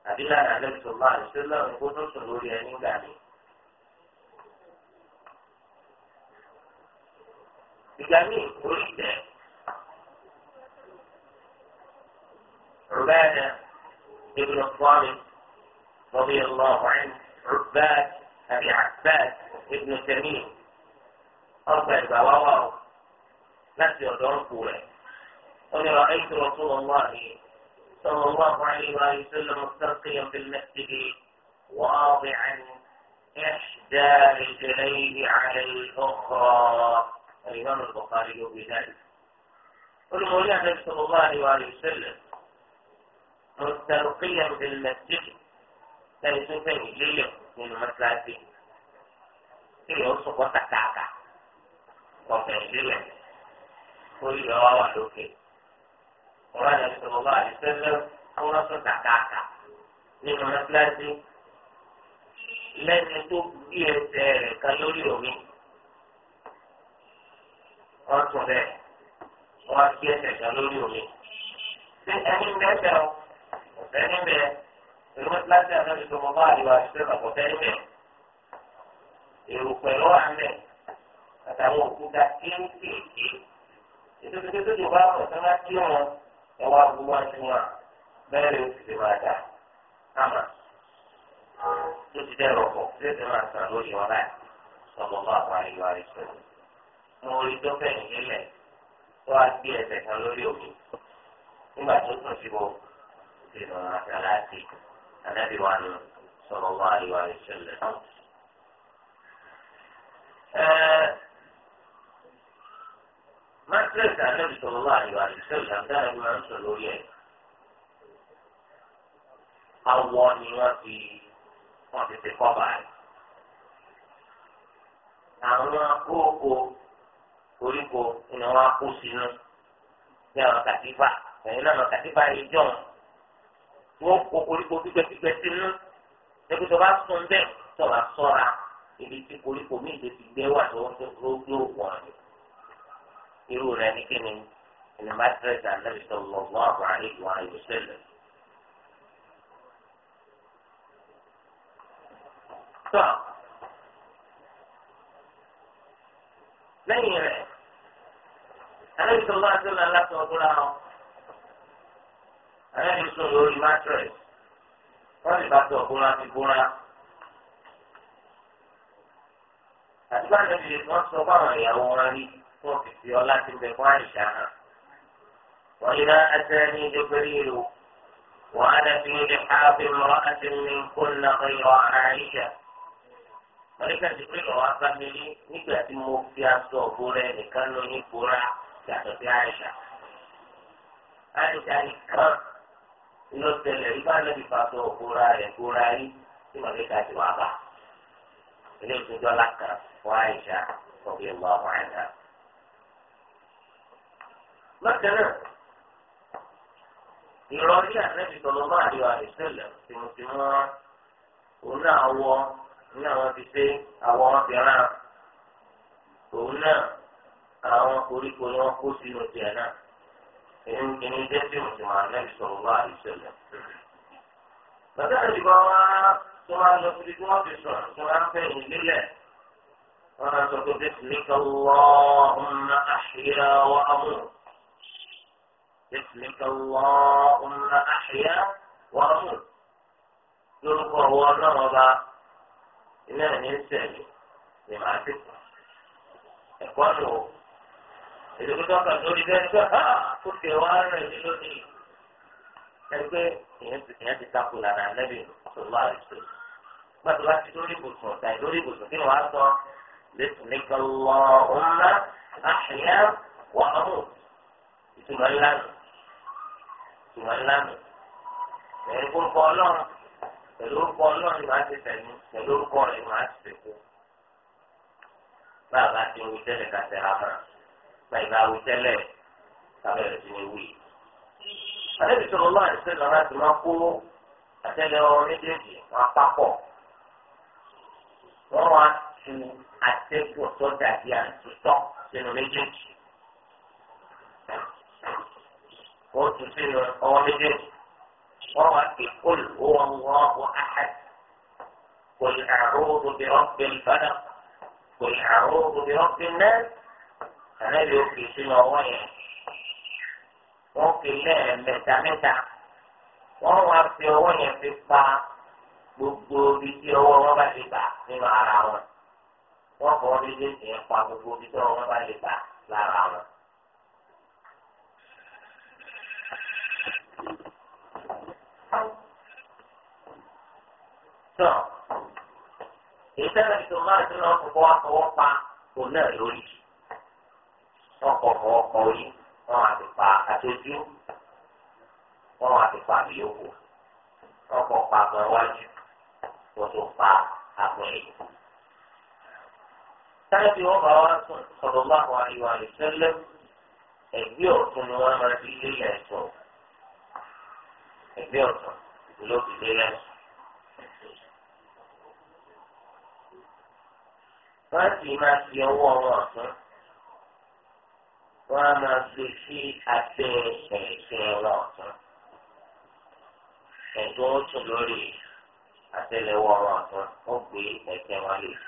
àbí lànà ànábì sọ̀rọ̀ àdìsẹ́lá ni ìgbà míì عبادة بن الصامت رضي الله عنه عباد أبي عباد ابن تميم أربع بواواه نفس يدور قوله قل رأيت رسول الله صلى الله عليه وآله وسلم مستلقيا في المسجد واضعا إحدى رجليه على الأخرى الإمام البخاري له بذلك والمولى النبي صلى الله عليه وسلم مستلقيا بالمسجد كان سوفين ليلة من مسلاته في يوسف وتكاكا وفين ليلة كل يوم لوكي وقال النبي صلى الله عليه وسلم أولا تكاكا من مسلاته لن يتوب بيه سيري كالوري يومين wọ́n tún bẹ́ẹ̀ wọ́n gbé ẹsẹ̀ kan lórí omi. ṣé ẹni ń bẹ́ẹ̀ bẹ́ẹ̀ ọ̀fẹ́ ní bẹ́ẹ̀ èrò láti ànábi tó mọ bá àríwá ṣiṣẹ́ lọ́kọ̀ fẹ́ ní bẹ́ẹ̀. èrò pẹ̀lú wà ń bẹ̀ àtàwọn òkúta kéékèèké. ètò ìdíje tó ti wá pọ̀ tó máa kí wọn ẹ wá gbó wá sí wọn bẹ́ẹ̀ ló ti ti máa dà ámà tó ti dẹ́rọ̀ pọ̀ tó ti máa sàn lórí wọn láì sọ̀rọ̀ bá àríwá ṣiṣẹ́ mo rí tó fẹ̀yìn lélẹ̀ tó a gbé ẹsẹ̀ kan lórí òkè nígbà tó sùn síbò ìdènà àtàlàtì ànábì wa nù sọ̀rọ̀ wá ìwà ìṣẹ̀lẹ̀ náà. Mátírẹ̀sì ànábì sọ̀rọ̀ wá ìwà ìṣẹ̀lẹ̀ dára ni wọ́n ń sọ lórí ẹ̀. Awọ ni wọ́n fi wọ́n ti fi kọ́ báyìí. Àwọn kókó koríko ni wọ́n á kó sínú ní àwọn kàtífà ẹ̀yìn náà àwọn kàtífà yìí jọ̀ wọ́n kó koríko pípẹ́pípẹ́ sínú ẹgbẹ́ tó bá sùn bẹ́ẹ̀ tó bá sọ́ra ibi tí koríko míì tó ti gbé wà tó yóò wọ̀n irú rẹ̀ ní kíni ẹni bá tẹ̀sán Ànábì sallallahu alaihi wa sallam. Tọ́ ẹlẹ́yìn tó bá tó lọ láti ọ̀gbọ́nra wọn ẹlẹ́yìn sùn lórí mattress wọ́n lè bá tó ọ̀gbọ́nra ti gbóná. àti bá lẹ́bi wọ́n sọ fáwọn ìyàwó wọn rí wọ́n fi fi ọlá ti bẹ̀ fún àìsàn hàn. wọ́n iná ẹsẹ̀ni Jibril wọ́n á dẹ́bi ní káfí mọ́ àti ní kóńnà ọ̀yọ́ àìsàn. Mọ̀lẹ́kà Jibril lọ́wọ́ abámi nígbà tí mo fi aṣọ òbúrẹ́ nìkan lóyún búra. yàtọ̀ sí àyíṣà. àyíṣà nìkan ló tẹlẹ̀ ibà náà fàtọ̀ òkúra rẹ̀ kúra yìí tí wọ́n fi ka ti wà bá. ilé ìtújọ́ la fún àyíṣà ọ̀gbìn ìwà ọ̀hún àná. lọ́kẹ́ náà ìrọ̀lẹ́ ànábì sọ̀rọ̀ máa rí àdìsẹ́lẹ̀ tìmùtìmù wọn òun náà wọ ní àwọn ti àwọn òun náà. àwọn koríko ni wọ́n kó sínú tiẹ̀ náà èyí kìíní jẹ́ sí òṣùwọ̀n àlẹ́bí sọ̀rọ̀ wá àdìsọ̀lẹ̀. bàtà ìdìbò wa tó máa lọ síbi tí wọ́n fi sọ̀rọ̀ tó máa ń fẹ̀yìn lílẹ̀ wọ́n máa sọ pé bẹ́sìmíkà àṣìyá wa àṣìyá wa lórúkọ ọwọ́ èdè tó tọ́ka lórí bẹ́ẹ̀ tó ha ó fi wá rẹ̀ ní lónìí. ẹgbẹ́ ìyẹn ti takò lànà lẹ́bi ọ̀sọ̀lá àìsàn. gbàtò bá ti lórí ibùsùn ọ̀tà lórí ibùsùn kí ni wàá sọ lẹ́sùn ní kọlọ́ ọ̀la àṣìyá wà ọ̀hún. ìtumọ̀ ńlá nù ìtumọ̀ ńlá nù. ẹ̀rí kó kọ́ ọlọ́run pẹ̀lú orúkọ ọlọ́run ni màá ti tẹ̀lé pẹ̀lú orúkọ rẹ̀ ni màá ti tẹ̀kú. báà bá ti ń wí tẹ́lẹ̀ ká tẹ̀ gbàgbà awi tẹ́lẹ̀ sábẹ́ rẹ̀ ti ní wí. Àdébí sọ̀rọ̀ lọ́wọ́ àti sẹ́lẹ̀ náà ti máa kó àtẹ́lẹ̀ ọrọ̀ méjèèjì wọn apapọ̀. Wọ́n wá tu àtẹ́gùn tó dàbí àtúntọ́ sínú méjèèjì. Wọ́n tu sínú ọwọ́ méjèèjì. Wọ́n wá pè kul huwa Allahu ahad. Qul a'udhu bi rabbil falaq. Qul a'udhu bi rabbin nas ànábì ó fi sínú ọwọ́ yẹn wọ́n fi lẹ́ẹ̀mẹ́ta mẹ́ta wọ́n wá fi ọwọ́ yẹn fi pa gbogbo ibi tí ọwọ́ wọn bá lè bà nínú ara wọn wọ́n fọwọ́ méjèèjì yẹn pa gbogbo ibi tí ọwọ́ wọn bá lè bà lára wọn. tọ́ èyí tẹ́lẹ̀ tó máa dúró ọkọ̀ pa òun náà lórí wọn kọ fọ ọkọ orí wọn wà ti pa àtọjú wọn wà ti pa àbíyókù wọn kọ pa àgbọn iwájú wọn tó pa àgbọn èyí. táyọ̀bí wọn bá wá sùn sọ̀rọ̀ láwọn àríwá ìṣẹ́lẹ̀ ẹ̀gbẹ́ ọ̀tún ni wọ́n máa fi lé yẹn sọ ẹ̀gbẹ́ ọ̀tún ló fi lé yẹn sọ. wọ́n á sì máa fi ọwọ́ wọn ọ̀tún wọ́n á máa gbé sí abẹ́ ẹ̀kẹ́ wọn ọ̀tún. ẹ̀dùn ó tún lórí àtẹ́lẹwọ́ wọn ó gbé ẹ̀kẹ́ wọn wọ́n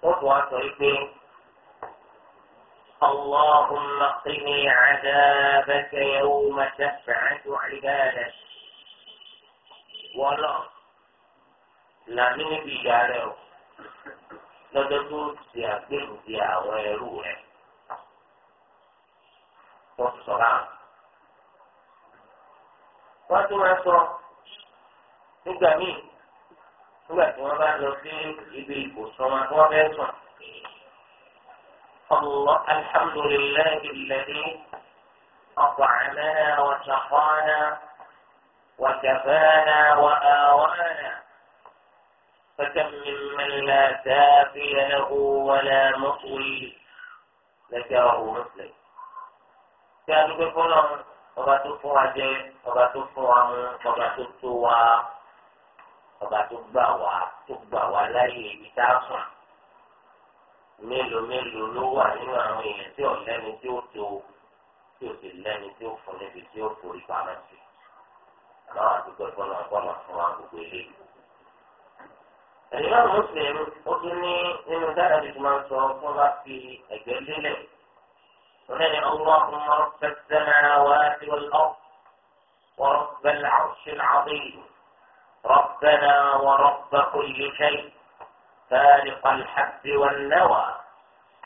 tún wá sọ pé اللهم قني عذابك يوم تبعث عبادك ولا لا من بيجاره لدى دوت يا بنت يا ويروح wọn sọ láwọn. wọ́n tún máa sọ nígbà míì nígbà الله الحمد لله الذي أطعمنا وسقانا وكفانا وآوانا فكم ممن لا سافي له ولا مطوي ذكره مسلم kí a dúpẹ́ fọlọ́ ọba tó fún wa jẹ ọba tó fún wa mú ọba tó tó wa ọba tó gbà wá tó gbà wá láyé ibi tá a sùn mélòó mélòó ló wà nínú àwọn èèyàn tí ò lẹ́ni tí ó tó tí ò sì lẹ́ni tí ó fún níbi tí ó forí pamọ́ sí àmọ́ àdúgbò ìfọ̀nà ọ̀pọ̀lọ̀ fún wa gbogbo eléyìí. ẹ̀yìn náà mùsùlùmí ó tún ní nínú dáadáa bí mo máa ń sọ fún wa fi ẹ̀gbẹ́ lélẹ̀. سمع اللهم رب السماوات والأرض ورب العرش العظيم ربنا ورب كل شيء فالق الحب والنوى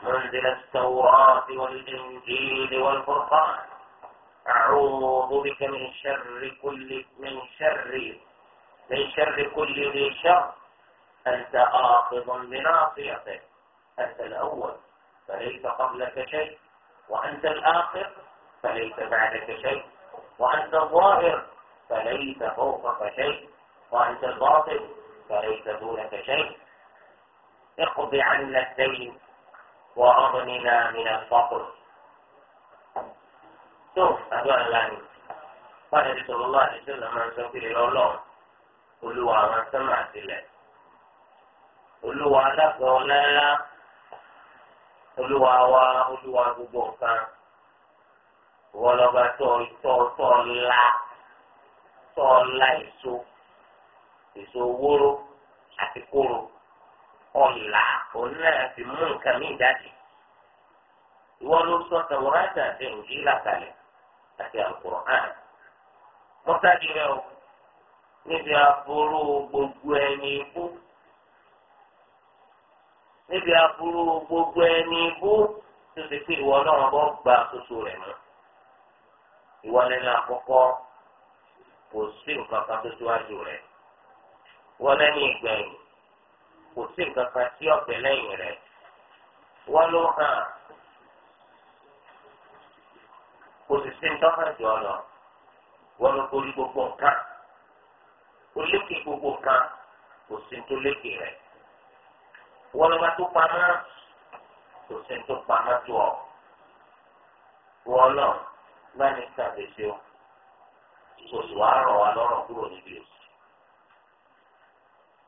منزل التوراة والإنجيل والقرآن أعوذ بك من شر كل من شر من شر كل ذي شر أنت آخذ بناصيته أنت الأول فليس قبلك شيء وأنت الآخر فليس بعدك شيء وأنت الظاهر فليس فوقك شيء وأنت الباطن فليس دونك شيء اقض عنا الدين وأغننا من الفقر شوف أبو الآن قال الله صلى الله عليه وسلم من سوف إلى الله قلوا من سمعت الله قلوا على الله olúwa wa olúwa gbogbo nǹkan ìwọ lọba tọ tọ tọ la tọ la èso èso wóró àti kóró ọ̀la òun náà ti mú nǹkan mí jáde ìwọ ló sọ tẹwúrẹ́tà àti òjìlá kalẹ̀ àti àkùrọ̀ hàn mọ́tàdínlẹ́ o níbi àforó gbogbo ẹni fún níbi aburú gbogbo ẹni bú tó ti pé ìwọ náà bọ́ gba àkóso rẹ̀ mọ́ ìwọ lẹ́nu àkọ́kọ́ kò sí nǹkan kan tó síwájú rẹ̀ ìwọ lẹ́nu ìgbẹ̀yìn kò sí nǹkan kan sí ọ̀pẹ̀ lẹ́yìn rẹ̀ ìwọ ló hàn kò sì sí nǹkan kan jọ lọ ìwọ ló borí gbogbo nǹkan olókè gbogbo nǹkan kò sí tó lékè rẹ̀ wọ́n lọ́ba tó pamọ́ kò sí tó pamọ́ tó ọ wọ́n náà bá ní sàbẹ̀sẹ̀ o kò sì wá rọ̀ wá lọ́rọ̀ kúrò níbi o.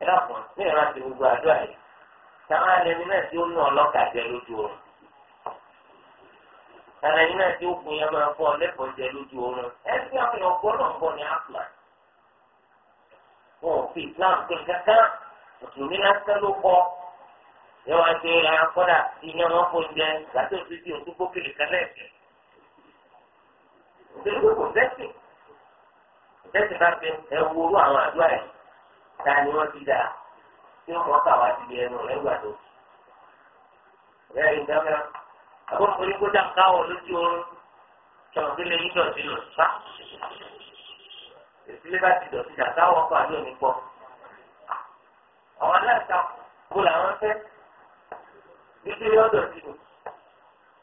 ẹ dàpọ̀ ní ìrántí gbogbo àdúrà yìí táwọn ẹni náà tí ó nù ọlọ́kà jẹ lójú oorun tàbí ẹni náà tí ó kun yẹn máa fọ lẹ́kọ̀ọ́ jẹ lójú oorun ẹ fi àwọn èèyàn náà gbọ́ ní áfíà wọn ò fi Islam pín kankan mùsùlùmí lásán ló kọ́ yẹn wá dé ẹran kọ́dà ìyẹn wọn kò jẹ gbàtí òtún sí òtún gbókèlè kan náà sí. nítorí pé kò tẹ́sìn tẹ́sìn bá fi ẹwu orú àwọn àdúrà yìí ta ni wọ́n ti dà tí wọ́n kọ́ wá sí ẹnu ẹgbà tó. lẹ́yìn dáná àbọ̀mọ̀ ní kódà káwọ̀ lójú oorun tọ̀hún sílé yín dọ̀tí lọ sá. ìdílé bá ti dọ̀tí dà káwọ̀ kọ́ àdúrà nípọ̀. àwọn aláǹtakùn kó làwọn fẹ́ títí lọ́dọ̀ sí mi.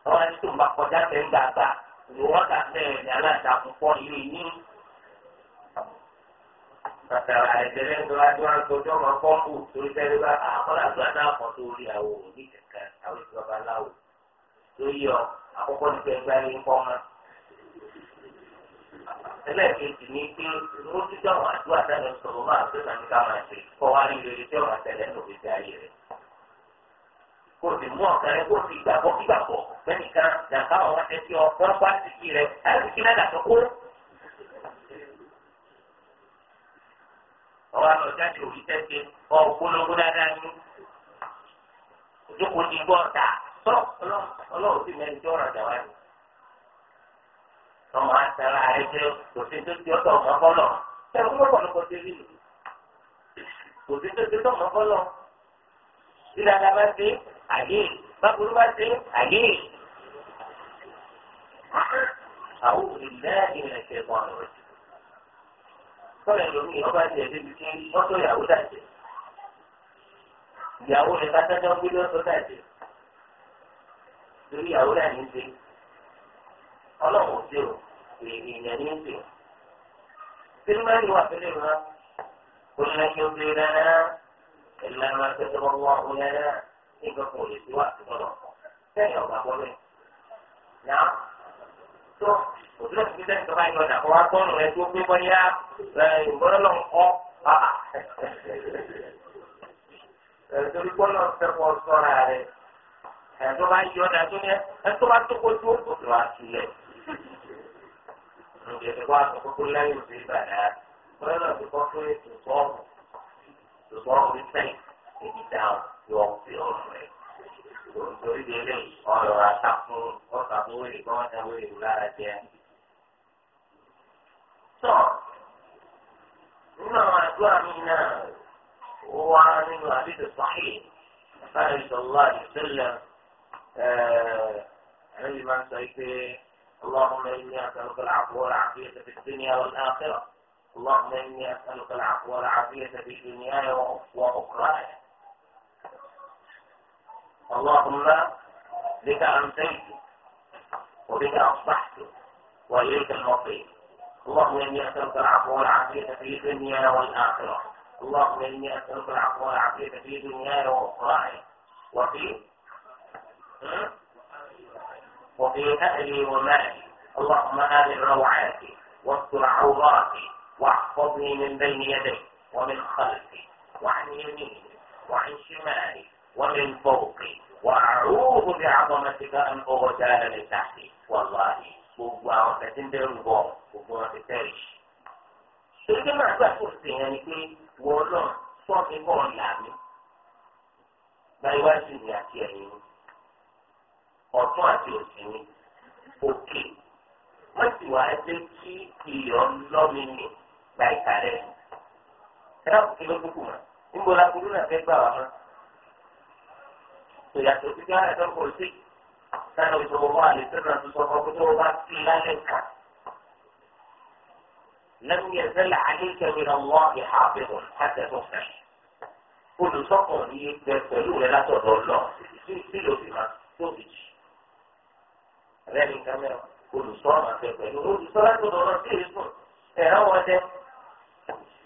àwọn ẹni tó ń bá kọjá tẹ̀ ń gbàgbà ìwọ́n dà bẹ́ẹ̀ ní aláǹdàkùn pọ̀ ilé yín. bàtàrà ẹ̀jẹ̀lẹ̀ ńlọ adúlá gbọdọ̀ ọmọ pọ́ńpù torí tẹ́lẹ̀ bá àkọ́lá ah, àgbàdo àpọ̀ tó rí àwọ̀ òní kẹ̀kẹ́ àwọn ìjọba aláwọ̀ lórí ọ àkọ́kọ́ ní gbẹgbẹ́ ayé ń pọ́n mọ́. ẹlẹ́ẹ̀kejì ní pé wọ́n ti dáhùn àdúrà dáná sọ̀rọ̀ máa fẹ́ sàmì ká máa ṣe kọ́ wá ní ìrírí tí ọ̀rọ̀ àtẹlẹ́ ní òbí kó o sì mú ọ̀kan rẹ kó o sì gbàgbọ́ gbígbàgbọ́ fẹ́nìkan nàka ọ̀wá ẹtì ọ̀pọ̀ pàṣípì rẹ àìsíkì náà dàtọ̀ kó. ọwọ́ àlọ́ jáde òbí tẹ́sí ọ ògbólógó dáadáa ní ojúkò ní gbọ́ ọ̀tà tó ọlọ́run sì mẹ́rin tí ó ràn ni. ọmọ àtàrà rẹ òsè tó ti ọ̀tọ̀ ọmọ tí dáadáa bá ṣe àlè báburú bá ṣe àlè. àwọn òrìlẹ̀ ìrìn ṣe mọ ọ̀rọ̀ rẹ̀. sọ̀rọ̀ ìlòmí ọba ti ẹ̀ débi tí wọ́n tó ìyàwó dàjẹ́. ìyàwó rẹ̀ bá dájọ́ gbé lọ́sọ̀ dàjẹ́. torí ìyàwó rẹ̀ ní í ṣe ọlọ́run ṣe o èèyàn ní í ṣe o. sínú wà fẹ́lẹ́ wọn kò obìnrin náà. إلا ما كتب الله لنا يقول سواء الله sẹ́yìn ọ̀gá bọ́ bẹ́ẹ̀. Náà tó òtún òtún bíi sẹ́yìn tó bá yọ ọ̀dà kó wá gbọ́nù rẹ tó gbé bọ́yá ìgbọ́nà lọ ń kọ́. Torí gbọ́nà sẹ́kọ̀ sọ́ra rẹ̀ ẹ̀tọ́ bá yọ ọ̀dà tó ní ẹ̀tọ́ bá tó kojú ó tó wá sílẹ̀. Ǹjẹ́ ìwà àtọ̀kọ́kọ́ lẹ́yìn òbí Ìbàdàn, gbọ́nà ti kọ́ fún ètò sọ́ọ̀mù the one we say, take it down, you won't feel alright. Torí di eléyìí, ọ̀rọ̀ àtàkùn ọ̀sàkùn wèrè kọ́ ọ̀dà wèrè lára jẹ́. Tọ́ nínú àwọn àdúrà mi náà, ó wá nínú àdéhùn sọ́hìn, sáré ìṣòwò àdìsẹ́lẹ̀ ẹ̀ẹ́dì máa ń sọ pé اللهم إني أسألك العفو والعافية في الدنيا والآخرة اللهم إني أسألك العفو والعافية في دنياي وأخراي اللهم بك أمسيت وبك أصبحت وإليك المصير اللهم إني أسألك العفو والعافية في دنياي والآخرة اللهم إني أسألك العفو والعافية في دنياي وأخراي وفي وفي أهلي ومالي اللهم اهل روعاتي واستر عوراتي واحفظني من بين يدي ومن خلفي وعن يميني وعن شمالي ومن فوقي وأعوذ بعظمتك أن أغتال من تحتي والله gbogbo àwọn kẹtí ń bẹ̀rù bọ gbogbo wọn ti tẹrí. ṣèké máa gbà tó ṣe yẹn ni pé wọn náà sọ mi bọ̀ ọ̀la mi. báyìí ni àti ẹ̀yìn ọ̀tún àti òsì mi òkè wọ́n sì wá ẹgbẹ́ kí ìyọ̀ lọ́mi mi gba ìka rẹ̀ lù. ẹ náà kí ló kúkú mọ́ níbo la kúrú náà fẹ́ gbà wá mọ́. ìyàtọ̀ títí wọn ẹ̀fọ́ kò sí sáré ìṣòro wọn àlè sẹ́nu àti sọ fún ọkùnrin tó bá sí lálẹ́ kà. lẹ́nu yẹn sẹ́lẹ̀ alẹ́ kẹrin ọmọ ìhàbẹ̀wò látẹ̀kọ̀ fẹ́. olùsọ́kàn ní gbẹ pẹ̀lú rẹ látọ̀dọ̀ lọ sí lòdì máa tó bìjì. rẹ́ni kámẹ́rà olùsọ́ àmàfẹ́ pẹ̀lú olùsọ́ látọ̀dọ̀ lọ sí ẹ̀rọ wọn jẹ́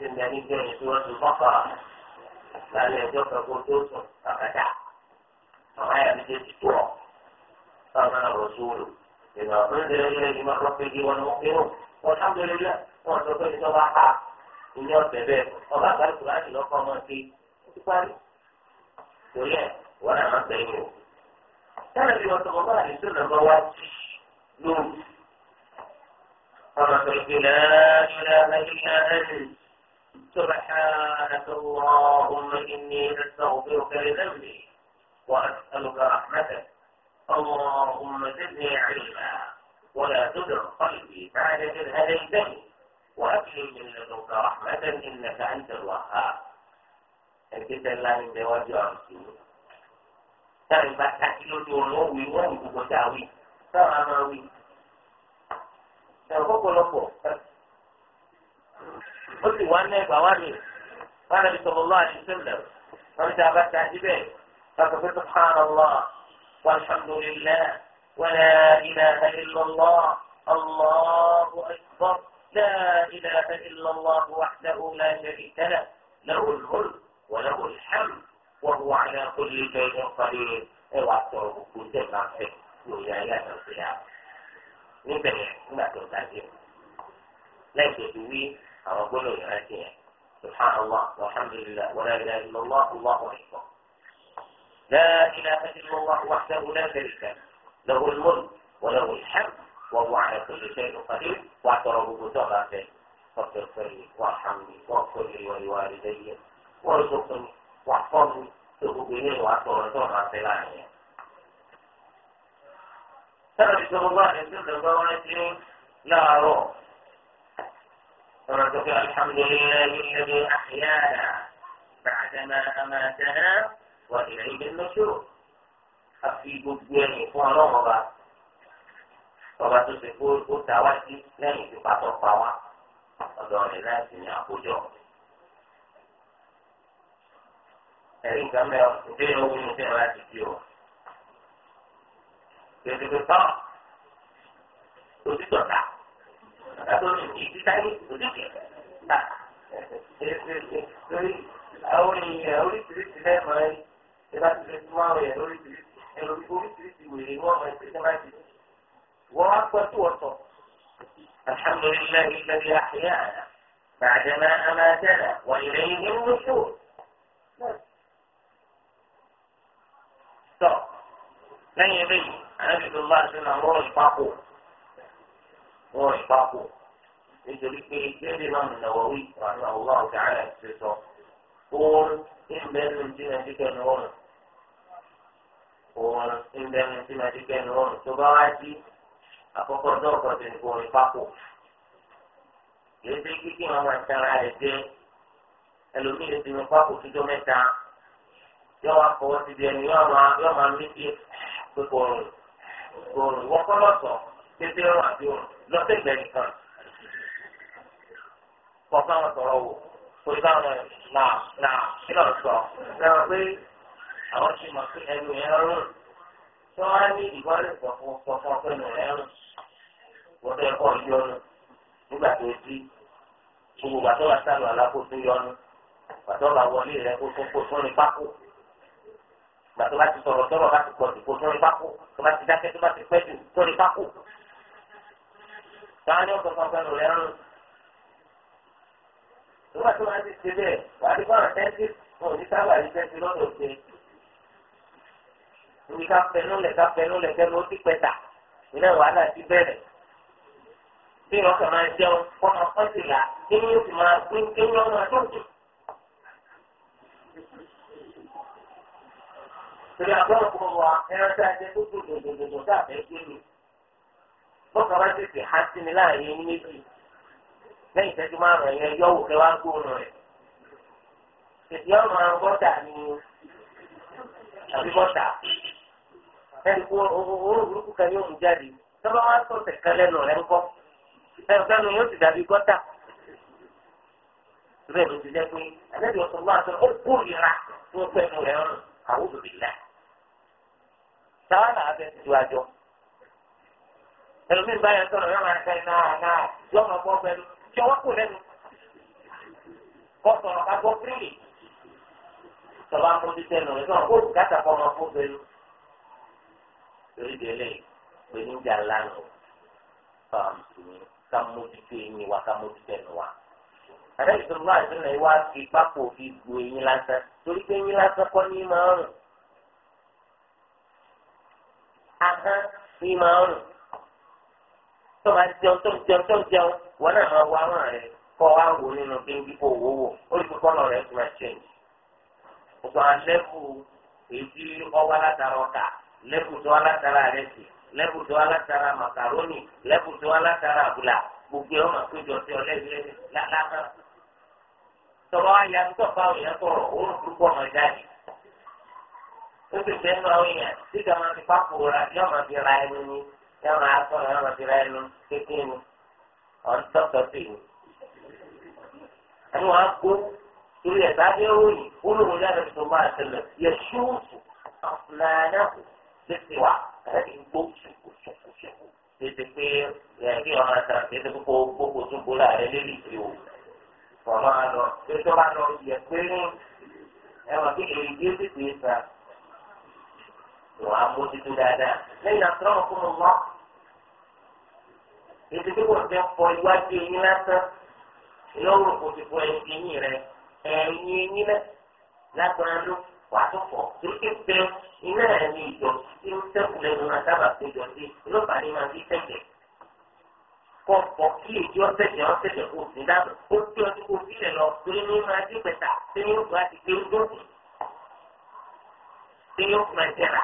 ṣe ń darí bẹ́ẹ̀ tí wọ́n ti kọ́kọ́ lálẹ́ ẹjọ́ kankan tó sùn kàkàdà àwọn àyà mi ti tó ọ̀ sáwọn ọ̀rọ̀ sóòrò ìgbà wọn lè rí ẹni máa rọ́ péjì wọn mú kí wọn sábẹ́ lórí ẹ̀ wọn sọ pé ìjọba ká ìní ọ̀bẹ bẹ́ẹ̀ ọba àgbàdo kùrọ̀ àti lọ́kọ́ ọmọ ti ti parí torí ẹ̀ wọ́n náà máa bẹ̀rẹ̀ tó nà bá wá sí lóru. سبحانك اللهم إني أستغفرك لذنبي وأسألك رحمتك اللهم زدني علما ولا تدر قلبي بعد إذ هديتني وأكرم من لدنك رحمة إنك أنت الوهاب الكتاب الله من جواز أرسلنا táwọn ìbá tàkì lójú ọ̀nà òwì wọ́n ní gbogbo tá táwọn a máa wí. Ẹ̀rọ pọ̀pọ̀lọpọ̀ بطي وانا باوري قال لي صلى الله عليه وسلم فمتى بس عجبين فقلت سبحان الله والحمد لله ولا إله إلا الله الله أكبر لا إله إلا الله وحده لا شريك له له الملك وله الحمد وهو على كل شيء قدير اوعى تروحوا كل سنة ولايات القيامة من بني ما تنتهي لا تدوي àwọn gbọ́dọ̀ yẹn láti yẹn subhanallah walhamdulillah wala ilaha illallah allahu akbar la ilaha illallah wahdahu la sharika lahu al-mulk wa lahu al-hamd wa huwa ala kulli shay'in qadir wa tọrọ gbogbo tọba fẹ fọfẹ fẹlẹ wa hamdi wa kulli wa liwalidayya wa tó gbogbo eléyìí wa tọrọ tọba fẹ láàrin yẹn. sábà bí sọ́kọ́ bá ẹ̀sìn ìdàgbà wọn ti ń láàárọ̀. كما تقول الحمد لله الذي أحيانا بعدما أماتنا وإليه النشور أفي بدواني فوانا مبا ọba tó ṣe kó ta wá sí lẹ́yìn tó pàtó pa wá ọ̀dọ̀ rẹ̀ láti ní àkójọ. ẹ̀rí nǹkan mẹ́ọ̀ ìbéèrè owó ní fẹ́ràn láti fi o. gbèsè pé tán òtítọ́ ta. أقول في تعريف لا أولي أولي تريد زي ما هي إذا تريد ما هي أولي تريد أولي تريد وهي ما هي تريد ما هي وأكبر توصل الحمد لله الذي أحيانا بعدما أماتنا وإليه النشور طب لن يبين عبد الله بن عمر الفاقور wọn rìn papọ̀ nítorí pé jẹ́rì máa ń nàwọ̀ wí àti àwòrán ọ̀gá rẹ̀ ti sọ oorun ìbẹ́nu tí wọ́n ti kẹ́nu ọ̀run oorun ìbẹ́nu tí wọ́n ti kẹ́nu ọ̀run tó bá wá jí àkọ́kọ́ dọ́ọ̀kọ́ ti ní kó rìn papọ̀ kìí ṣe kíkí wọn máa tara rẹ̀ jẹ́ ẹlòmíì ti rìn papọ̀ fíjọ́ mẹ́ta yọ wá fọwọ́ ti di ẹni yọ máa yọ máa mí kí pé kò rùn kò kété rùn àti rùn lọ sẹ́gbẹ̀ẹ́ nìkan kọ́ bá wọn sọ̀rọ̀ wò kó bá wọn nà nà kí lọ sọ lẹ́wọ̀n pé àwọn ti mọ̀ sí ẹnu yẹn rún tí wọ́n á ní ìwádìí pọ̀fọ́ pọ̀fọ́ pé nù yẹn rún wọ́n fẹ́ kọ́ yọnu nígbà tó di gbogbo bàtọ́ wa sálọ alákòóso yọnu bàtọ́ wa wọlé rẹ kó tó kó tó pákó bàtọ́ wa ti sọ̀rọ̀ sọ̀rọ̀ bá ti pọ̀ sí kó tó pákó tó bá ti dákẹ́ tó bá ti pẹ́ jù tó pákó sáni ó kọ̀ọ̀kan pẹ̀lú rẹ̀ rún. Nígbà tí wọ́n ti ṣe bẹ́ẹ̀, wàá rí bọ́ọ̀rọ̀ tẹ́tí wọn ò ní sábà rí tẹ́tí lọ́dọ̀ ṣe. Ibi ká fẹnú lẹ̀ ká fẹnú lẹ̀ kẹ́nu ó ti pẹ̀tà. Ìlẹ̀ wàhálà ti bẹ̀rẹ̀. Bí wọ́n kàn máa jẹun, wọ́n máa pọ́n sí ìlà, kéwọ́n ó sì máa pín kéwọ́n máa tó jù. Ìrìn àgbọ̀ ọ̀pọ̀ wa ẹran tá a jẹ tó tó dòdòdòdò tá a fẹ́ gbé mi bọ́sọ̀ bá tètè há sí mi láàrin ní méjì lẹ́yìn ìtẹ́jú márùn-ún yẹn yọ̀wò kẹ́ wá gbóòórùn rẹ̀. Tètè ọmọ àwọn bọ́tà ni àbí bọ́tà. Ẹni kó oró burúkú kan yóò mú jáde. Tọ́ba wá tó tẹ̀kẹ́ lẹ́nu rẹ̀ ń kọ́. Ẹ̀rọ kẹ́nu yóò ti dàbí gọ́tà. Ìbẹ̀ ló ti jẹ́ pé ọ̀sán wá sọ ó kó ìra tó pẹ̀lú rẹ̀ rùn àwòrán ìlà ẹlòmíì báyà sọ̀rọ̀ yóò máa fẹ́ náà náà yóò máa bọ́ pẹ̀lú tí ọwọ́ kò lẹ́nu kọ́ sọ̀rọ̀ ká gbọ́ fírìlì tọ́ba mójú tẹnu rẹ̀ náà kó kàtà kọ́ máa fún pẹ̀lú lórí délé ìpèníjà lánàá fáwọn mùsùlùmí ká mójú tó eyín wa ká mójú tẹnu wa àdáyé tó lọ́wọ́ àti ìlànà ìwà fi pápò fi gbu eyín lásán torí pé eyín lásán tó máa jẹun tó jẹun tó jẹun wọn náà máa wá wọn rẹ kọ́ wá wò nínú bíbí kó wò wò ó lè fi kọ́nà rẹ tó máa change. Ògbà lẹ́bù èyí tí ọwọ́ alátara ọkà lẹ́bù tó alátara rẹ sí lẹ́bù tó alátara màkàrónì lẹ́bù tó alátara àbùlà gbogbo ẹ̀ ọmọ àpéjọ sí ọ lẹ́gbẹ̀ẹ́ lásán. Tọ́wọ́ ayé àtúntò fáwọn èèyàn sọ̀rọ̀ òun dúpọ̀ ọmọ jáde. Ó sì fẹ́ nu àwọn èèyàn tí kàwọn ti pápò ra yọ̀ọ̀mọ̀ fi ra yàrá àtọ̀rọ̀ yàrá ti ra ẹnu kékeré ni ọ̀n tọ̀tọ̀ sí i. ẹnu wa kó torí ẹ̀ sáà bẹ́ẹ̀ wòye olóhùn yàrá tó máa tẹ̀lé yẹ ṣóòtù ọ̀nàdà kò tètè wá ẹ̀ẹ́dì gbó ṣùkùṣùkùṣùkù tètè pé ẹ̀ẹ́dì ọ̀nà àtàrà tètè kó gbogbo tó gbó láàrẹ̀ lélẹ̀ ìṣirò ọ̀nà àlọ́ tètè wá lọ yẹ pé ẹ̀wọ̀n kékeré yé tètè sàn wọn amójútó dáadáa lẹ́yìn àtúrọmọ fún mi wọn ètò tí wọn fẹ́ fọ iwájú eyín lásán lọ́rùn kò ti fọ eyín rẹ ẹ̀yìn eyín náà lágbára ló wà tó fọ torí pé iná ẹ̀ ìjọ tí ń sẹ́kù lẹ́nu máa sábà péjọ sí ọlọ́pàá ní máa fi tẹ̀jẹ̀ kọ́ fọ kí èdè ọ̀sẹ̀jẹ̀ ọ̀sẹ̀jẹ̀ kò sí dáàbò ó pé ọdún kò sílẹ̀ lọ torí ní máa dín tí ní ó bá ti gbé ó dókè tí ní ó máa jẹ̀rà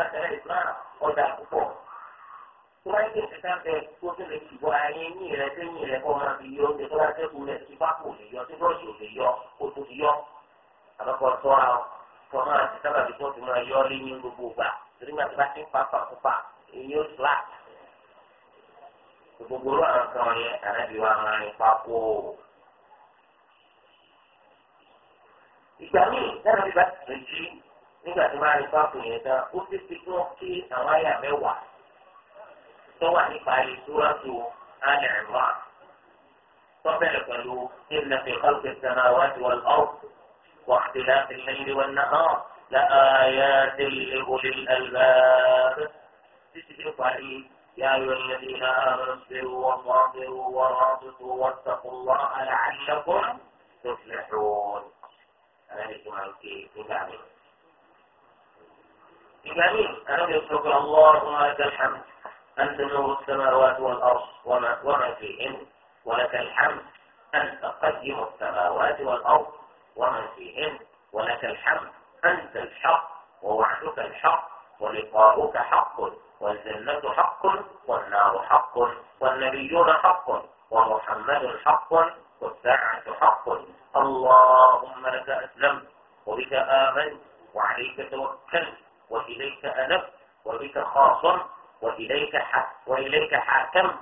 bàtàrà islam ọ̀dà púpọ̀. tó bá yẹ kẹta bẹ kó tó lè ti bọ ayé ní rẹ sẹ́yìn rẹ kọ́ máa fi yọ oúnjẹ tó bá sẹ́kù rẹ tí pápò lè yọ tí bọ́ọ̀sì ò lè yọ kó tó ti yọ. àbákọ sọ́ra ọ kọ́ máa ti sábà bí wọ́n ti máa yọ lé ní gbogbo ìgbà torí máa ti bá ti ń pa pàkópa èyí ó slack. gbogbo olú àwọn kan yẹn àrẹ́bíwá máa ń pa kó o. ìgbà míì dáná bí bá ti nígbà tí wọ́n á rí pápù yẹn tán ó ti fi kí wọ́n kí àwọn àyà mẹ́wàá tó wà nípa ayé tó wá tó àlẹ ẹ̀rọ tó bẹ̀rẹ̀ pẹ̀lú ìlànà ìkọ́sẹ̀ sẹ́nà wájú wọn ọ́ واختلاف الليل والنهار لآيات لأولي الألباب تسجفني يا أيها الذين آمنوا اصبروا وصابروا ورابطوا واتقوا الله لعلكم تفلحون. هذه كما في كتابه. جميل أن يترك الله ولك الحمد أنت نور السماوات والأرض وما, وما فيهن ولك الحمد أنت قدم السماوات والأرض ومن فيهن ولك الحمد أنت الحق ووعدك الحق ولقاؤك حق والجنة حق والنار حق والنبيون حق ومحمد حق والساعة حق اللهم لك أسلمت وبك آمنت وعليك توكلت وإليك أنبت وبك خاصم وإليك حك وإليك حاكم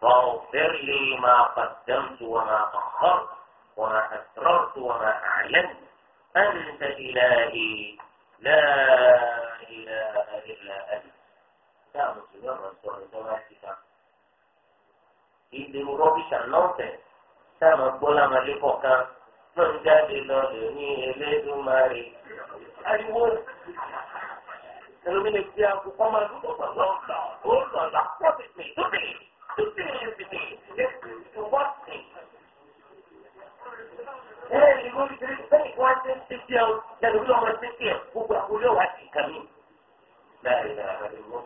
فاغفر لي ما قدمت وما أخرت وما أسررت وما أعلنت أنت إلهي لا إله إلا أنت يا مسلم الرسول الله ẹlòmí lè fi aago kọ́ máa dúró lọ́lọ́ lọ́lọ́ lápò tètè lóde títí ìrìnbìtì ètò ìwọ́ sí. ẹ ẹ ìlú ìdílé sẹ́yìn kí wọ́n ti ń ti tiẹ̀ o ẹlòmí lọ́mọ ti tiẹ̀ gbogbo àkójọ wà sí kàmí. láàrin àwọn ẹ̀rọ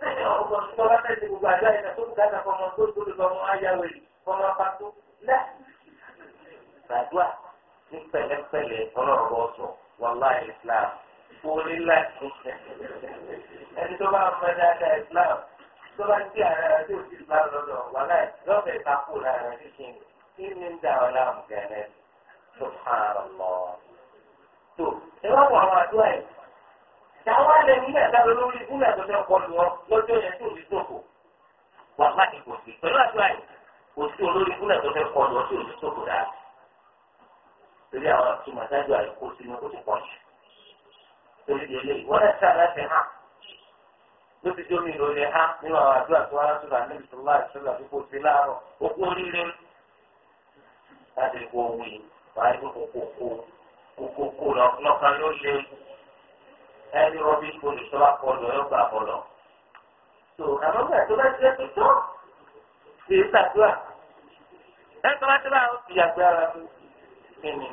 sẹ́yìn ọgbọ̀n tó bá fẹ́ẹ́ ti gbogbo àjọ àyẹ̀dá tó ń gbàdá fọmọ tó ń gbòdò lọ́mọ ayáwèrè fọmọ apátó lẹ́ gbàdúrà ní pẹ̀lẹ́pẹ̀lẹ́ ọlọ́rọ̀ sọ wàlá ìsìlámù orí láti ẹni tó bá mọ dáadáa islam tó bá ti ara rẹ tó ti islam lọ́dọ̀ wà láì lọ́fẹ̀ẹ́ takò lára rẹ kí ni kí ni ń dà ọ́ láàmú gẹ́gẹ́ tó hàn án lọ. tó ẹ wá wọ àwọn àdúrà yìí táwọn alẹ́ nígbà táwọn olórí ìbúlẹ̀ àtọ́jọ́ kọ lù ọ lọ́jọ́ yẹn tó ti tóko wà má ti kò sí pẹ̀lú àdúrà yìí kò sí olórí ìbúlẹ̀ àtọ́jọ́ kọ lù ọ tó ti tóko dáa. torí àwọn àtúmọ̀ dájọ́ àyíkó sínú ó ti pọ̀ jù torí di eléyìí wọ́n ẹ̀ṣẹ̀ aláṣẹ hàn ló ti dómi ló lè hàn nínú àwọn àdúrà tó wáyé sọ̀rọ̀ àníbi sọ̀rọ̀ àti sọ̀rọ̀ àti kò sí láàárọ̀ ó kú oríire láti kó owó yìí wàá yóò kó kó kó kó kó lọ́kàn ló lé ẹni rọ́bì olùsọ́wọ́ akọlọ yóò gbà bọ̀lọ̀ tó àwọn ọgbà tó bá ti ẹ́ tuntun kì í ẹ̀ tó bá ti bá ó ara tó kí ni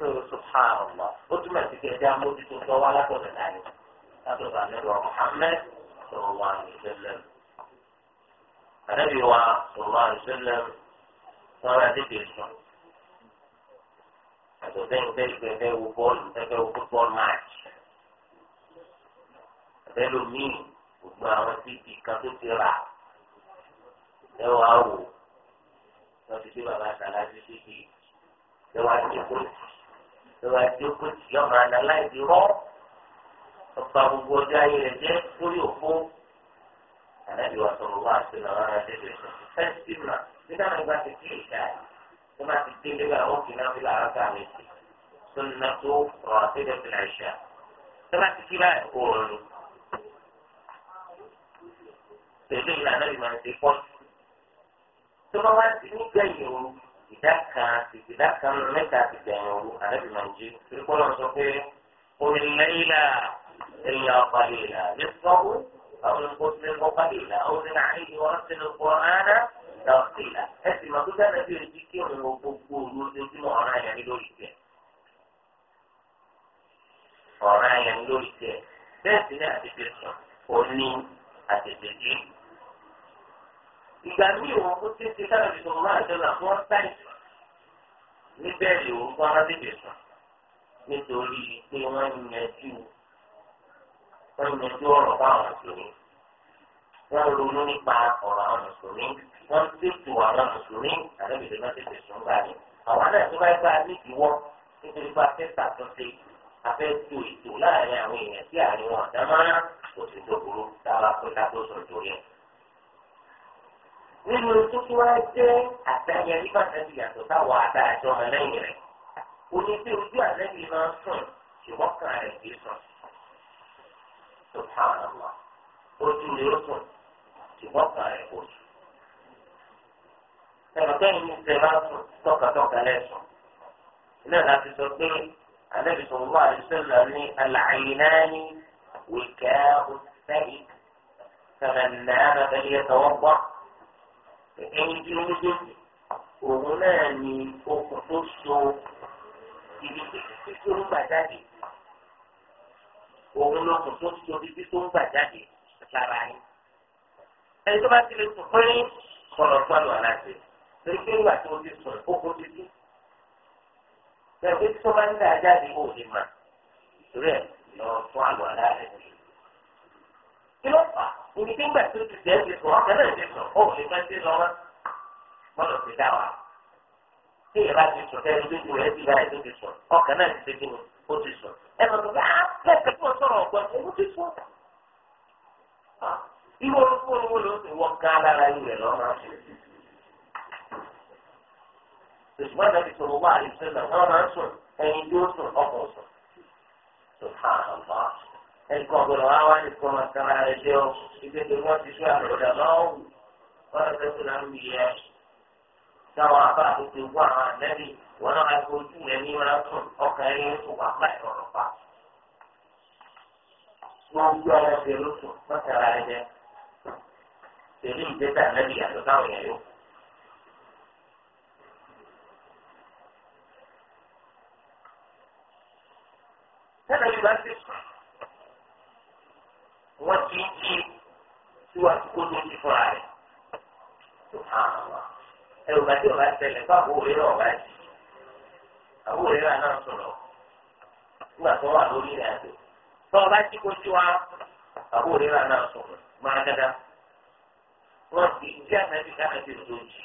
tó subhanallah ó túmọ̀ sí kẹjẹ amójútó tó wá látọ̀dọ̀ dání látọ̀dọ̀ àlẹ́wà Muhammad sallallahu alaihi wasallam. àlẹ́bí wa sallallahu alaihi wasallam sọ̀rọ̀ àdébì sùn. àtọ̀tẹ́yìn tẹ́lifẹ̀ fẹ́ wo bọ́ọ̀lù fẹ́ wo football match. àtẹ́lómìn gbogbo àwọn tíìtì kan tó ti rà ẹwà wò lọ́sibí bàbá sàlá ti tíìtì lọ́wọ́ àti ìkórè lọ́wọ́ àti ọkọ̀tì yọ máa nà láìsí rọ́ ọba gbogbo ọjọ́ ayé rẹ̀ jẹ́ lórí òfó ànábì wa sọ̀rọ̀ wá àti làwọn ará tẹ̀lé fẹ́ẹ́sì mà nígbà wọn bá ti kí ìṣá yìí wọ́n bá ti dé lébà wọ́n kì í náà fi làwọn ká mi sí sunna tó rọ̀ àtẹ̀lé fi náà ṣá tó bá ti kí báyìí kó o rìn ìlànà ìmọ̀ àti pọ́ọ̀tù tó bá wá sí nígbà yìí ìdá kan ìdá kan mẹ́ta ti gbẹ̀yìn òru ànábì máa ń jí torí kọ́ lọ́n sọ pé orin lẹ́yìnlá ẹ̀yìn ọ̀pàdé ìlà ní sọ́wọ́ àwọn olùkọ́sílẹ̀ ọ̀pàdé ìlà orin àìyí wọn ti lọ kọ́ ara lọ́ọ̀tì ìlà ẹ sì máa gbọ́dọ̀ ànábì rẹ̀ jí kí òun ò gbogbo òru ojoojúmọ́ ọ̀ràn àyàn ní lórí tẹ̀. ọ̀ràn àyàn lórí tẹ̀ bẹ́ẹ̀ sì ni àtẹ̀tẹ̀ sùn òní àtẹ̀tẹ̀ ìgbà míì wọn kó tètè sára bí sọ̀rọ̀ máa jọ náà wọ́n sáyìn níbẹ̀ ni òun kọ́ ara bèbè sùn nítorí pé wọ́n yanjú wọ́n yanjú ọ̀rọ̀ fáwọn mùsùlùmí wọ́n ronú nípa ọ̀rọ̀ àwọn mùsùlùmí wọ́n tètè àwọn mùsùlùmí àlẹ́bìdè náà tètè sùn báyìí àwọn náà tó bá gbá nídìíwọ́ nítorí pé afẹ́ ṣàtúnṣe afẹ́ tó ètò láàrin àwọn èèyàn sí àárín wọn àdámárá kò sì tó burú tààrà pé ká tó sọ ìtòrí ẹ̀. nínú tó kí wá jẹ́ àtàyẹ nípa àtàbí yàtọ̀ táwọn àtàjọ ọlẹ́yìn rẹ̀ oní tí ojú àtàbí máa ń sùn ṣùgbọ́n kan rẹ̀ kì í sùn tó táwọn ọmọ ojú rẹ̀ ó sùn ṣùgbọ́n kan rẹ̀ kò sùn. ẹnikẹ́ni ní sẹ́ máa sùn tọkàtọkà lẹ́sùn ilé ìlà ti sọ pé àtàbí sọ̀rọ̀ wà lẹ́sọ̀rọ̀ ní alàyínáni náà ẹni tí ó méjèèjì òun náà ni okùn tó so ibi títí tó ń gbà jáde òun lọkùn tó so ibi tó ń gbà jáde lára yín ẹni tó bá ti lè sùn pínrín kọlọ̀kọlọ̀ aláṣẹ torí pé ìgbà tó ti sùn okùn ti tú tẹ̀wé tó bá ń dà jáde kò lè mà rẹ̀ lọ fún àlọ́ aláṣẹ kí ló fà á torí pé ńgbà tó ti tẹ̀ ẹ́ ti sọ ọ́ kẹ́lẹ́ ti sọ ọ́ lè fẹ́ sí lọ́wọ́ gbọ́dọ̀ ti dá wa tí ìyá bá ti sọ ẹ́ lójú rẹ̀ ti báyìí tó ti sọ ọkàn náà ti tẹ́jú ó ti sọ ẹ lọ sọ kẹ́kẹ́ tó sọ̀rọ̀ ọ̀gbọ́n ó ti sọ. irú orúkọ olówó ló ti wọ gán lára yìí lọ́wọ́ ṣùgbọ́n náà ti sọ̀rọ̀ wá àlè ẹnìkan ọ̀gbọ̀nà wa wá ní kọ́mọ kára rẹ̀ jẹ́ ọ ìgbé tó wọ́n ti fún àlọ́dà lọ́wọ́ wọ́n lọ sẹ́kù náà ń bì yẹ. táwọn afá àtúntò wọ àwọn ànábì wọn náà kó ojú rẹ̀ ní wọn tún ọkàn yẹn tó wà pa ìrọ̀rọ̀ pa. wọ́n gbé ọmọ tẹ̀lé sùn wọ́n tẹ̀lé àrẹ jẹ tẹ̀lé ìgbésẹ̀ ànábì àtọ́káwọn síwájú kó tó ti fúnra rẹ̀ tó hàn wá ẹrù bàtí ọba tẹ́lẹ̀ fún àbúrò rẹ̀ ọba jì àbúrò rẹ̀ náà sọ̀rọ̀ nígbà tó wà lórí rẹ̀ àjò tó ọba jì kó tó wá àbúrò rẹ̀ náà sọ̀rọ̀ máa dáadáa wọn kì í jẹ́ àtàkì káàkiri lójì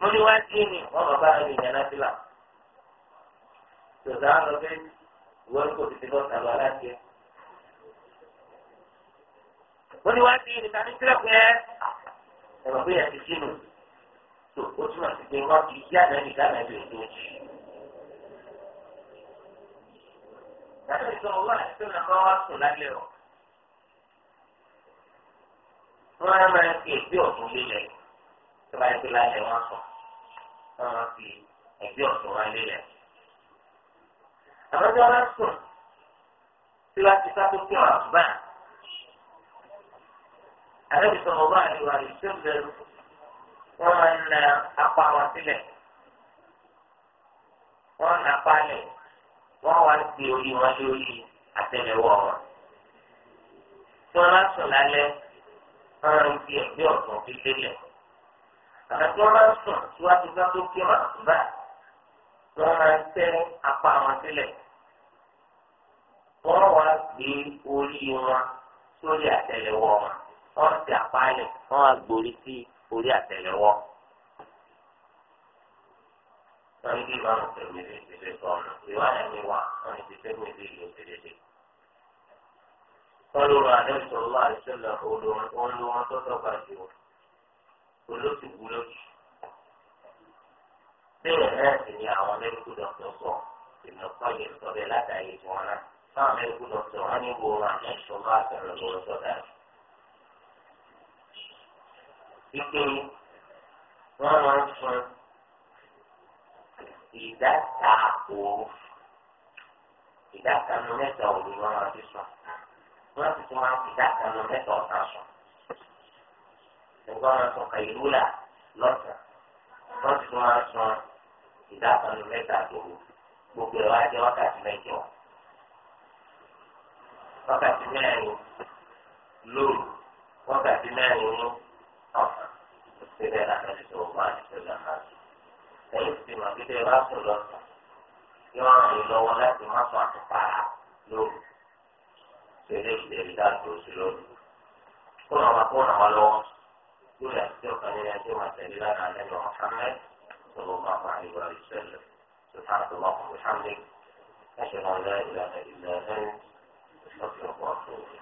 mo ní wá sí ni wọn bàbá mi yàn láti là tòzá lọ bẹ ìwọ kò tètè lọ sàlọ aláṣẹ wọ́n ní wá sí ìrìnà ní sílẹ̀kùn yẹn ẹ̀rọ pé ẹ̀ ti sínú tó o túmọ̀ sí pé wọ́n kì í sí àná nìkan náà lè tó jù. láti sọ owó àti ọ̀nà kan wá sùn lálẹ́ o wọ́n á máa fi ẹgbẹ́ ọ̀tún lélẹ̀ tó bá yẹ pé lálẹ́ wọn sùn wọ́n máa fi ẹgbẹ́ ọ̀tún wọn lélẹ̀. àbájọ́ wọn sùn tí wọ́n ti sá tó kí wọn àbúrò àlejò sọ̀rọ̀ bá àlewà rẹ̀ tó lẹ́rù wọ́n máa ń na apá wọn sílẹ̀ wọ́n na palẹ̀ wọ́n wá sí orí wọn lórí àtẹlẹwọ́ wọn. tí wọ́n bá sùn lálẹ́ wọ́n máa ń fi ẹ̀gbẹ́ ọ̀tún fi lélẹ̀. àmọ́ tí wọ́n bá sùn síwájú bá tó kí wọn àtúbà wọ́n máa ń tẹ́ apá wọn sílẹ̀. wọ́n wá gbé orí wọn sórí àtẹlẹwọ́ wọn wọ́n ti àpáàlẹ̀ wọ́n á gborí sí orí àtẹ̀lẹ́wọ́. wọ́n ní kí ìbámu tẹ̀lé ní ìdílé sọ̀rọ̀ ìwà ẹ̀mí wa wọ́n ti tẹ́lẹ̀ ní ìlú tẹ̀lé. wọ́n lóra àdéhùn sọ̀rọ̀ àìsílẹ̀ olóhùn tó tọ́ka jù olóṣù gbúlóṣù. bẹ́ẹ̀ náà sì ni àwọn mẹ́ríkù dọ̀tọ̀ sọ ìmọ̀kọ́ yẹn sọ látàrí ìwọ̀n náà. táwọn mẹ́ríkù dọ̀tọ̀ wọn ní wípé wọ́n máa ń fún ìdáta òru ìdáta nu mẹ́ta òru wọ́n máa fi sùn wọ́n sì tún máa fi ìdáta nu mẹ́ta ọ̀sán sùn. ẹ̀gbọ́n máa sọ kàyéwúlà lọ́sàn wọ́n sì tún máa sùn ìdáta nu mẹ́ta òru gbogbo ẹ̀ wá wákàtí mẹ́jọ wákàtí mẹ́rin lóru wákàtí mẹ́rin ní sílẹ̀ lànàbí tó wà nípìnlẹ̀ náà lẹ́yìn tí mo gbé bá sùn lọ́sàn yóò ràn yín lọ́wọ́ láti má sùn àtùpà lóru ṣẹlẹ̀ ìdẹ̀rí dáàbò sí lóru kó ràn wá kó ràn wá lọ́wọ́ lórí àti ọ̀kan nínú ẹjọ́ máa tẹ̀lé lánàá lẹ́nu Muhammad sọ̀rọ̀ bá wà ní wàrí sẹ́lẹ̀ سبحانك اللهم وبحمدك أشهد أن لا إله إلا أنت أستغفرك وأتوب إليك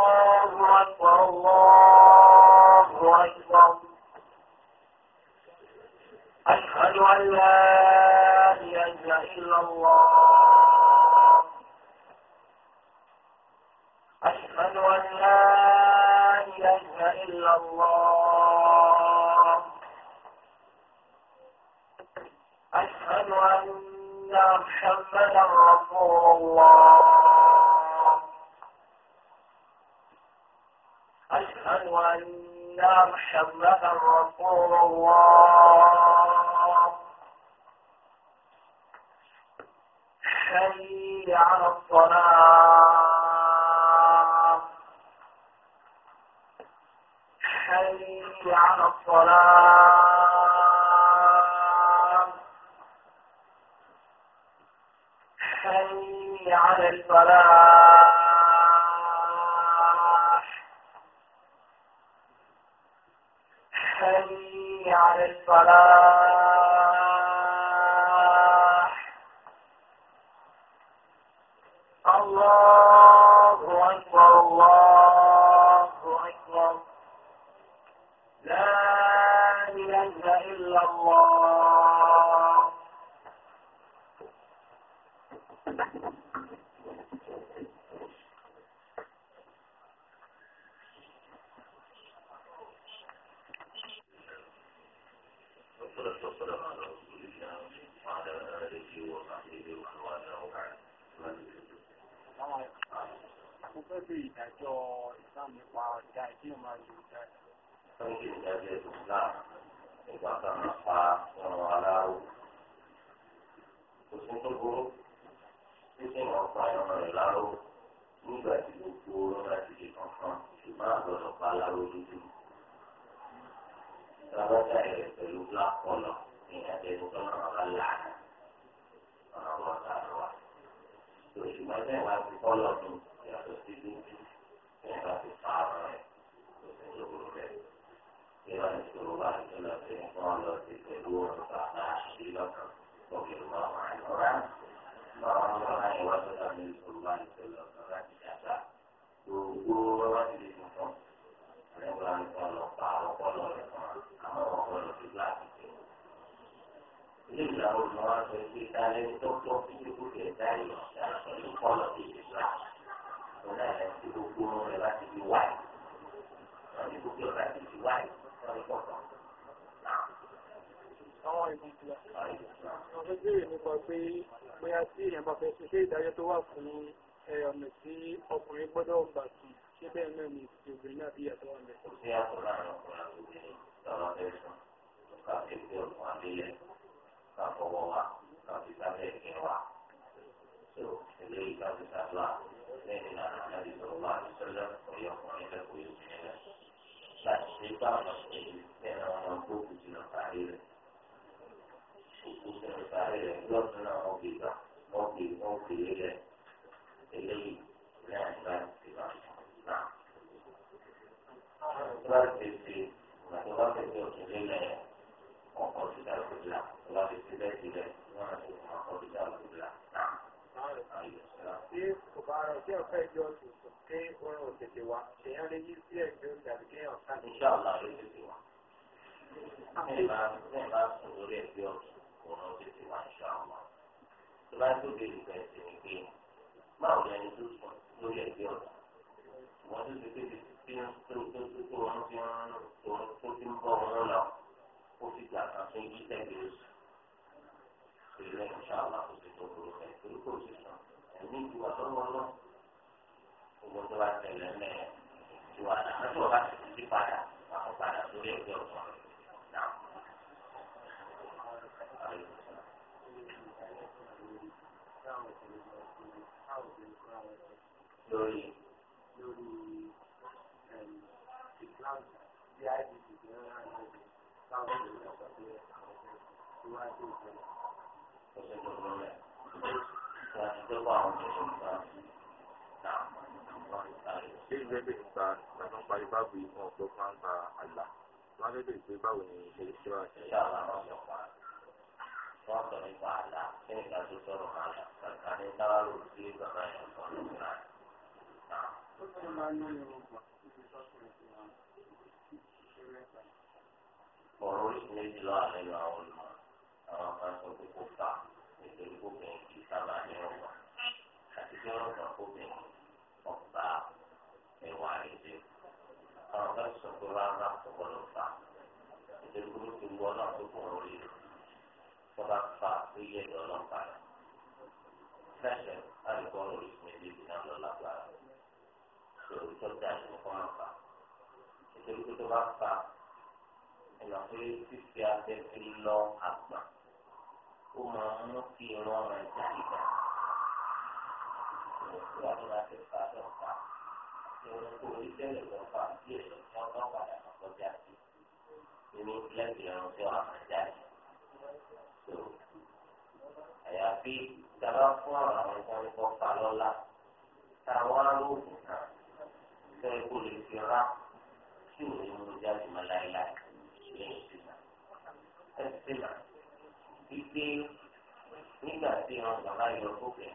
محمدا رسول الله أشهد أن محمدا رسول الله حي على الصلاة حي على الصلاة حي على الفلاح حي على الفلاح الله nígbà tí gbogbo ọ̀rọ̀ láti di kankan ṣùgbọ́n àgbọ̀dọ̀ pa aláró dúdú. Sábàtà ẹ̀rẹ̀ pẹ̀lú black colour ní àtẹnu tó náà bá láàánú. Ọ̀nà bọ̀ ọ̀tà lọ wa. Òṣùgbọ́n tẹ̀ wá sí kọ́lọ̀ mi yàtọ̀ sí dúdú. Tẹ̀ bá ti pa àwọn ẹ̀ lọ́sẹ̀ lóru rẹ̀. Ìwà ìṣòro wa ti lọ sí nǹkan lọ sí pẹ̀lú ọ̀rọ̀ bàbá àṣírí lọ́kàn. Ọ̀gbìn wa wà ní ọ̀rá. Ọ̀rọ̀ ẹni tó tó kíkí kúkẹ́ dárí pẹ̀lú kọ́lọ̀ sí ìlà òun náà lẹ́nu tí gbogbo ohun rẹ̀ láti Àwọn ìdíje àwọn nípa pé bóyá tí èèyàn fẹ́ ṣe ṣé ìdájọ́ tó wà fún ọ̀nà tí ọkùnrin gbọ́dọ̀ gbà kí ṣé bẹ́ẹ̀ náà ni ti obìnrin náà bí yàtọ̀ wọn bẹ̀. Kò sí àpò láàrin ọkùnrin àti obìnrin lọ́wọ́ bẹ́ẹ̀ sùn, ká fi gbé òkun àbílẹ̀ ká fọwọ́ wa wọ́n ti sábẹ́ ìsìn wa so eléyìí ká ti sàdúrà lẹ́yìn náà nàbí sọ̀rọ̀ wá àdìsọ́lẹ̀ òye ọkùnrin lẹ́ kò yóò fún ilẹ̀ láti ṣe bá ọ̀nà ìlú ẹ̀rọ ọmọ gbókù ti lọ sáré rẹ̀ òkú ti lọ sáré rẹ̀ lọ́dún náà wọ́n gbé gbà wọ́n gbé wọ́n gbé lélẹ̀ eléyìí náà nígbà tí wà náà. wọ́n ti ṣe ìgbà tó bá fẹ́ fẹ́ òkè lélẹ̀ tí ọ̀pá ìjọ tuntun pé oorun ò tètè wá èèyàn lè yí sí ẹ̀jẹ̀ oṣù àti kí èèyàn ká nìyí. ìṣàlá ló tètè wá. nígbà nígbà sùn lórí ẹgbẹ́ ọ̀sùn oorun tètè wá ìṣàlá. tó bá tó béèrè bẹ́ẹ̀ sì ni pé báwo lẹni tó sùn lórí ẹgbẹ́ ọ̀sùn. wọ́n tó ti tètè tí tó tó tó tó wọn fi ń tó ti ń bọ̀ wọn lọ ó fi gbà kan fún yí lẹ́gbẹ̀ẹ́ oṣù. ìrẹ́ ìṣàlá kò sì tó burú bẹ́ẹ̀ torí kò sì sùn ẹ̀mí ìwà gbogbo tó bá tẹ̀lé mẹ́ẹ̀ tí wà náà lọ́sọ̀ bá ti ti padà àwọn padà sórí ẹgbẹ́ ọ̀gbọ́n náà. lórí lórí ìgbàlù tí a yìí ti gbé ọ̀rọ̀ àwọn ọ̀gbìn táwọn ènìyàn sọ pé àwọn ọ̀gbìn tí wọ́n á dé ìgbẹ́. ọ̀sẹ̀ tó lọ rẹ̀ ọ̀sẹ̀ tó kọ́ àwọn ọ̀gbìn tó ń bá a sí ṣé ìlú ẹgbẹ́ nípa ìgbàgbọ́ parí báàbù yìí ọ̀pọ̀ máa ń pa àlà wọn lè lè gbé báwo ni ilé iṣẹ́ wa ṣe yára wọn yọ wọn sọ nípa àlà kí nígbà tó sọ̀rọ̀ àlà kàkà ní táwárò sí bàbá yẹn sọ lọ́wọ́ ọ̀rọ̀ oríṣi méjì lọ́wọ́ àlejò àwọn olùmọ̀ àwọn kan sọ pé kó fà nítorí kó bẹ̀rẹ̀ kí fa ìwà àìjẹ àwọn kan sọ pé rárá ọkọ ló fa ìdílé burúkú wọ náà tó kún orí rẹ wọn bá fa pé yẹ ìdí ọlọ́pàá rẹ lẹsẹ àdìgbò orí mi lè fi náà lọ lágbára ìṣòro tó dáa ìṣòro kọ́ máa fa ìdílé burúkú bá fa ìlọ pé fífi afẹ́fẹ́ lọ àgbà ó máa mú kí irun ọ̀rọ̀ ẹ̀jẹ̀ gíga ìwọ nígbà tí wọn bàbá yọ fókè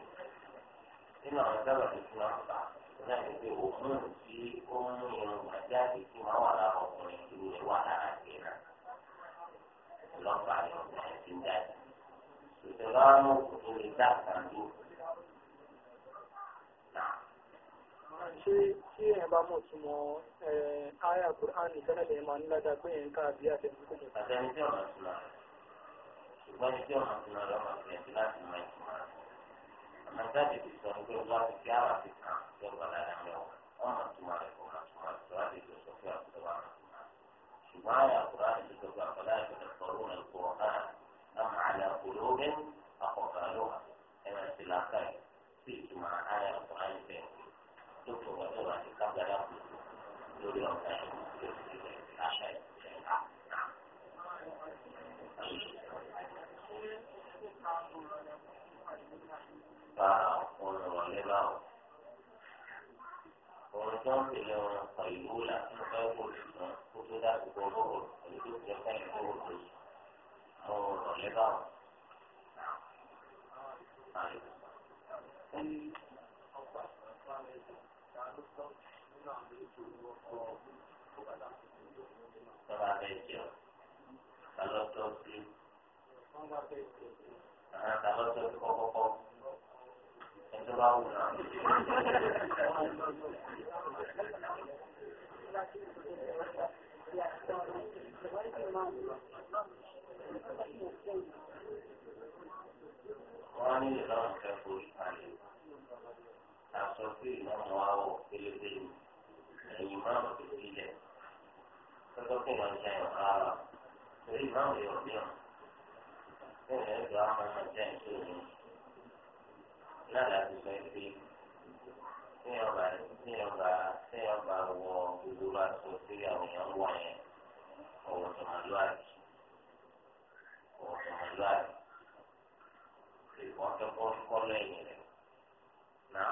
nínú àwọn sábà tuntun náà fà á. na ní pé òórùn tí ó ń mú irun àjáde tí wọ́n wà lára ọkùnrin tí ó wà lára sí náà lọ́pàá ni ọ̀gá ẹ̀ ti ń jáde. Ìṣèlú àwọn òkùnkùn lè dá kan dé. Ṣé tí ẹ bá mọ̀ tí mo lè máa ń pé ẹ̀ ń ká ọ̀nà Ṣùgbọ́n ọ̀nà lọ́mọ láti àtàjáde ti sọ nígbà wọn ti fi ara ti kàn yọ gbàdá ní ọmọ wọn máa túmọ̀ rẹ̀ kó máa túmọ̀ rẹ̀ sọ́ra ti sọ fún àkùrọ̀ wa máa túmọ̀ rẹ̀. ṣùgbọ́n àyà àkùrọ̀ àti ìjọba àbọ̀dá ìjọba sọ̀rọ̀ ní ìkọ̀rọ̀ náà láwọn àlẹ́ àkùrọ̀ ogun àkọ́kọ́ ló wà ẹ̀rọ ti làákà yìí sí ìtumọ̀ àyà àkùrọ̀ àti bẹ́ẹ̀ lókè wọ́n tó wà ní kábàdà kùtù lórí ọ̀gá ìlú bá àwọn ìrọ̀lẹ́ bá wọn. Òun tó ń tẹ̀lé wọn kọ ìlú là ń fẹ́ kó ṣùgbọ́n kó tó dáàbò bò bòrò èyí tó ti ẹ̀ka ìlú bòrò tó yìí. Àwọn ìrọ̀lẹ́ bá wọn. Tọ́lá bẹ jẹun, ta lọ́tọ́ sí. Àwọn ta lọ́tọ́ sí kọ́kọ́kọ́ wọ́n ní ìlànà kẹ́kọ̀ọ́ ìpàdé àṣọ pé ìlànà wa wọ̀ pélébé ni ẹ̀yìn máa ń fi sílẹ̀ tọ́tọ́ fún ìlànà ìjà ìwà ara torí ìlànà ìrọ̀lẹ́ ọ̀ bẹ́ẹ̀ ni ẹ̀jọ̀ á máa jẹ́ ìṣòro náà láti sọ pé téèyàn bá téèyàn bá téèyàn bá wọ gbogbo aṣọ tí àwọn èèyàn wọ yẹn ọwọ́ sọmọlúwàbí ọwọ́ sọmọlúwàbí ìwọ́n fẹ́ kọ́ kọ́lọ́ ẹ̀yìn rẹ̀ náà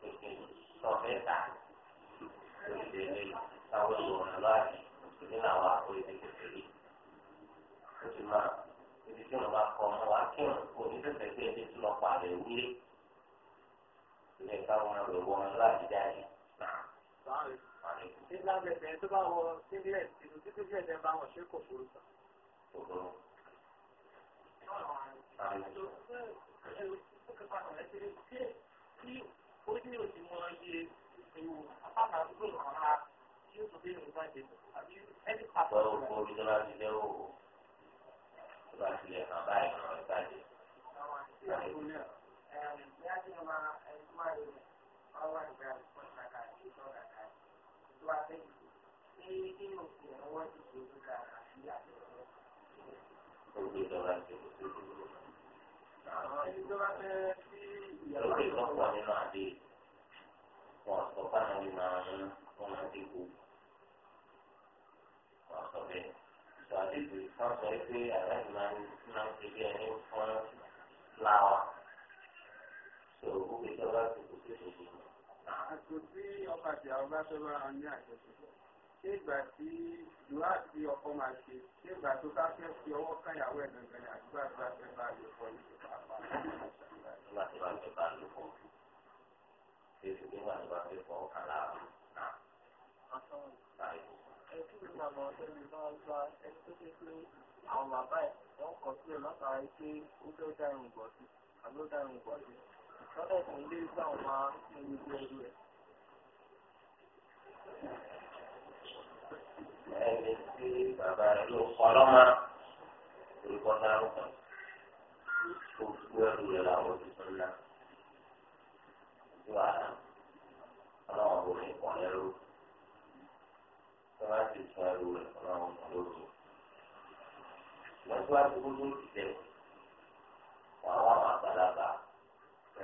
tètè sọ fẹ́ ta lóde ní táwọn sọmọlúwàbí nínú àwọn àpò ìdí kékeré ó ti máa ibi tí wọn bá kọ ọmọ wa kí wọn kò ní tẹsẹ̀ pé tí wọn pa rẹ̀ wúlé ilé káwọn olówó ńlá dídá yìí nígbà bẹ̀rẹ̀ tó bá wọ sílẹ̀ ìlú títí sílẹ̀ tẹ́ bá wọn ṣe kò burú sọ. kòkòrò. ó ní òsì mọ iye ìwò apáta gbòòrò kan lára tí ó tó bí ìrìn bàjẹ́ àbí ẹni pàtó. ọ̀rọ̀ orí tó ti lé o tó ti lè kàn báyìí náà bàjẹ́. Usman Marwan dan masyarakat itu akan dua kali. Ini ini mungkin awal itu juga dia. Mungkin awal itu. Kalau itu ada si. Kalau itu nanti. nanti ku. Wah, kau deh. Soalnya ada nanti nanti ini kau èrò tí ọkọ àti ọkọ máa ṣe ìgbà tó bá fẹ́ fi ọwọ́ káyàwó ẹ̀ gangan ni àdúgbò àti bá fẹ́ bá a lò ní ìpàpà. tó bá fẹ́ bá a lò ṣé ìṣòro tó bá fẹ́ fọ́ ọkà láàrú àwọn bàbá ẹ̀ wọ́n kọ̀ sílẹ̀ látara pé ó fẹ́ dá irun gbọ̀ sí àbí ó dá irun gbọ̀ sí wọ́n lọ fún ilé iṣẹ́ àwọn máa ń fún ojú ẹrú ẹ̀. ẹni tí bàbá rẹ̀ ló kọ́ lọ́mọ orúkọ dárúkọ ojú ẹrú rẹ̀ làwọn ti tún ná ojú àrà ọlọ́run ní kàn ẹrú tó bá ti tún ẹrú rẹ̀ ọlọ́run kò lóru lọ́sọ́ àti gbogbo ìdílé àwọn àgbàlagbà.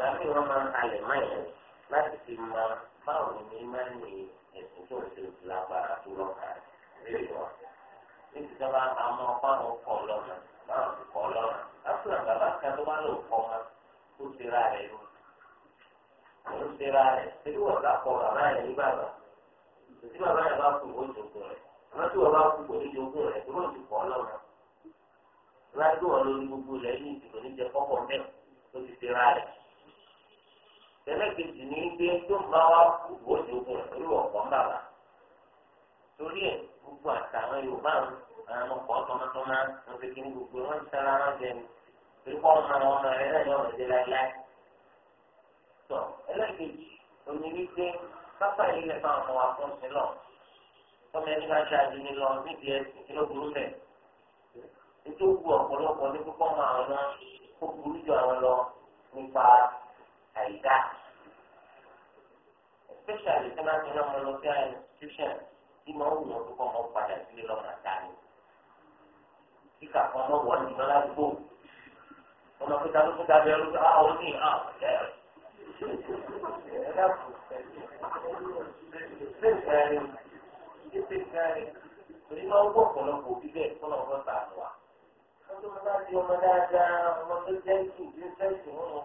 ìgbà tí wọ́n máa ń halẹ̀ mọ́ ẹ̀ láti fi mọ báwo ni máa ń lè ẹ̀sùn tó ṣe lágbára tó lọ́ka lórí wọn. ní ti sábà àmọ́ báwọn kọ̀ lọ́nà báwọn ti kọ̀ lọ́nà lásìkò àgbàlá kan tó bá lò kọ́ wọn tó ṣe ra rẹ̀ lọ. àwọn ṣe ra rẹ̀ ṣébí wọ́n bá kọ bàbá rẹ̀ ní bàbá tí bàbá rẹ̀ bá kú ó jogún rẹ̀ wọ́n tí wọ́n bá kú kò ní rẹ̀ tó ló kọ́ lọ́nà. láti wọ́n lórí gbogbo rẹ̀ ní ti ẹlẹ́kejì ní pé tó máa wá kú bójú ogun ìlú ọ̀pọ̀ bàbà torí ẹ̀ gbogbo àtàwọn yorùbá àwọn ọkọ̀ tọmọtọmọ wọn fi kí gbogbo wọn ń sára wọn jẹ ní torí kọ́ ọmọ àwọn ọmọ rẹ náà ní ọ̀rọ̀ ìdílé láíláí. sọ ẹlẹ́kejì omi ní pé pápá yìí lè fa ọmọ wa fún sí lọ ọmọ ẹni máa ṣáájú ní lọ níbi ẹsìn kí ló burú bẹ̀ nítorí ọ̀pọ̀lọpọ̀ ní púpọ̀ àyíká especially tí wọ́n ti lọ́mọ lọ sí àwọn institution tí wọ́n wù wọ́n kókó ọmọ padà sílé lọ́mọ àtàlẹ́ kíkà kan mọ́ wọ́n ní lọ́la gbó ọmọ kíkà ló kíkà bẹ́ẹ̀ lóko àwọn oní àwọn ẹ̀ ẹ̀ dàpọ̀ ṣe kẹrin ṣe kẹrin torí máa ń wọ́ ọ̀pọ̀lọpọ̀ òbí bẹ́ẹ̀ fún ọ̀rọ̀ sàánù wa. wọ́n tó máa di ọmọ dáadáa ọmọ tó jẹ́ ìtù ìdí sẹ́ǹtì wọn mọ̀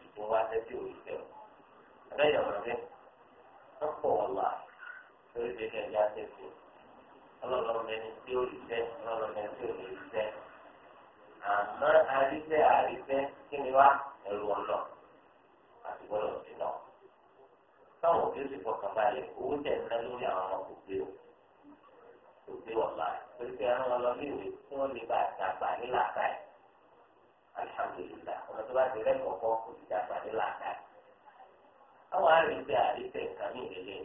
ìfún wa tẹ́tí òwe fẹ́ o abẹ́yẹ ọ̀rọ̀ bẹ́ẹ̀ wọ́n pọ̀ wọ́n lọ lórí ìdílé ẹ̀já tẹ́tí ọlọ́run ẹni tí ó rí fẹ́ ọlọ́run ẹni tí ó rí fẹ́ àmọ́ àrífẹ́ àrífẹ́ kí ni wá ẹ̀rù ọ̀nà àti gbọ́dọ̀ sí náà táwọn òbí sì fọkàn balẹ̀ owó tẹ̀ ń ná lórí àwọn ọmọ kò gbé o kò gbé wọ̀ láì torí pé ẹran ọlọ́mọ ìwé tí wọ́n lè bá àgbà nílà alihamudulila ọmọ tó bá ti rẹ kọkọ kó ti dàgbà ní làákàyè àwọn arìnrìn àríṣẹ nǹkan mi lélẹ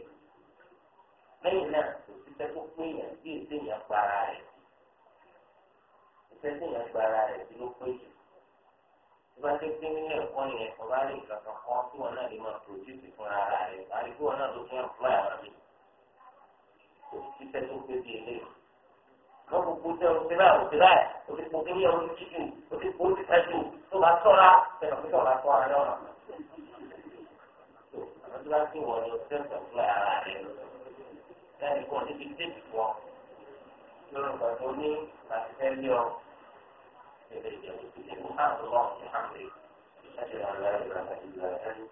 lẹ́yìn náà kò síṣẹ́ tó pé èèyàn bí èsì èèyàn para rẹ̀ iṣẹ́ tí èèyàn para rẹ̀ sí ló pé jù tó bá dé pé nílé ẹ̀kọ́ yẹn ọba rí nǹkan kan kọ́ tí wọn náà lè máa pòdúsì fún ara rẹ̀ àríkú wọn náà ló fún àwọn mi kò síṣẹ́ tó pé eléyìí wọn gbogbo tẹ o ti bá o ti bá ti kò kéwìyà o ti tìjú ti kò ti tẹjú tó bá sọra tẹnu tó tọ̀ bá sọ ara lọ́nà. àwọn tó bá ti wọ̀ ni fún ara rẹ lẹ́nu kan níbi tẹ́jú wọn lórí nǹkan tó ní láti fẹ́ lé ọ. Ìbéèrè ìjẹun ti lè mú àwọn ọmọ ìhàmì. أشهد أن لا إله إلا أنت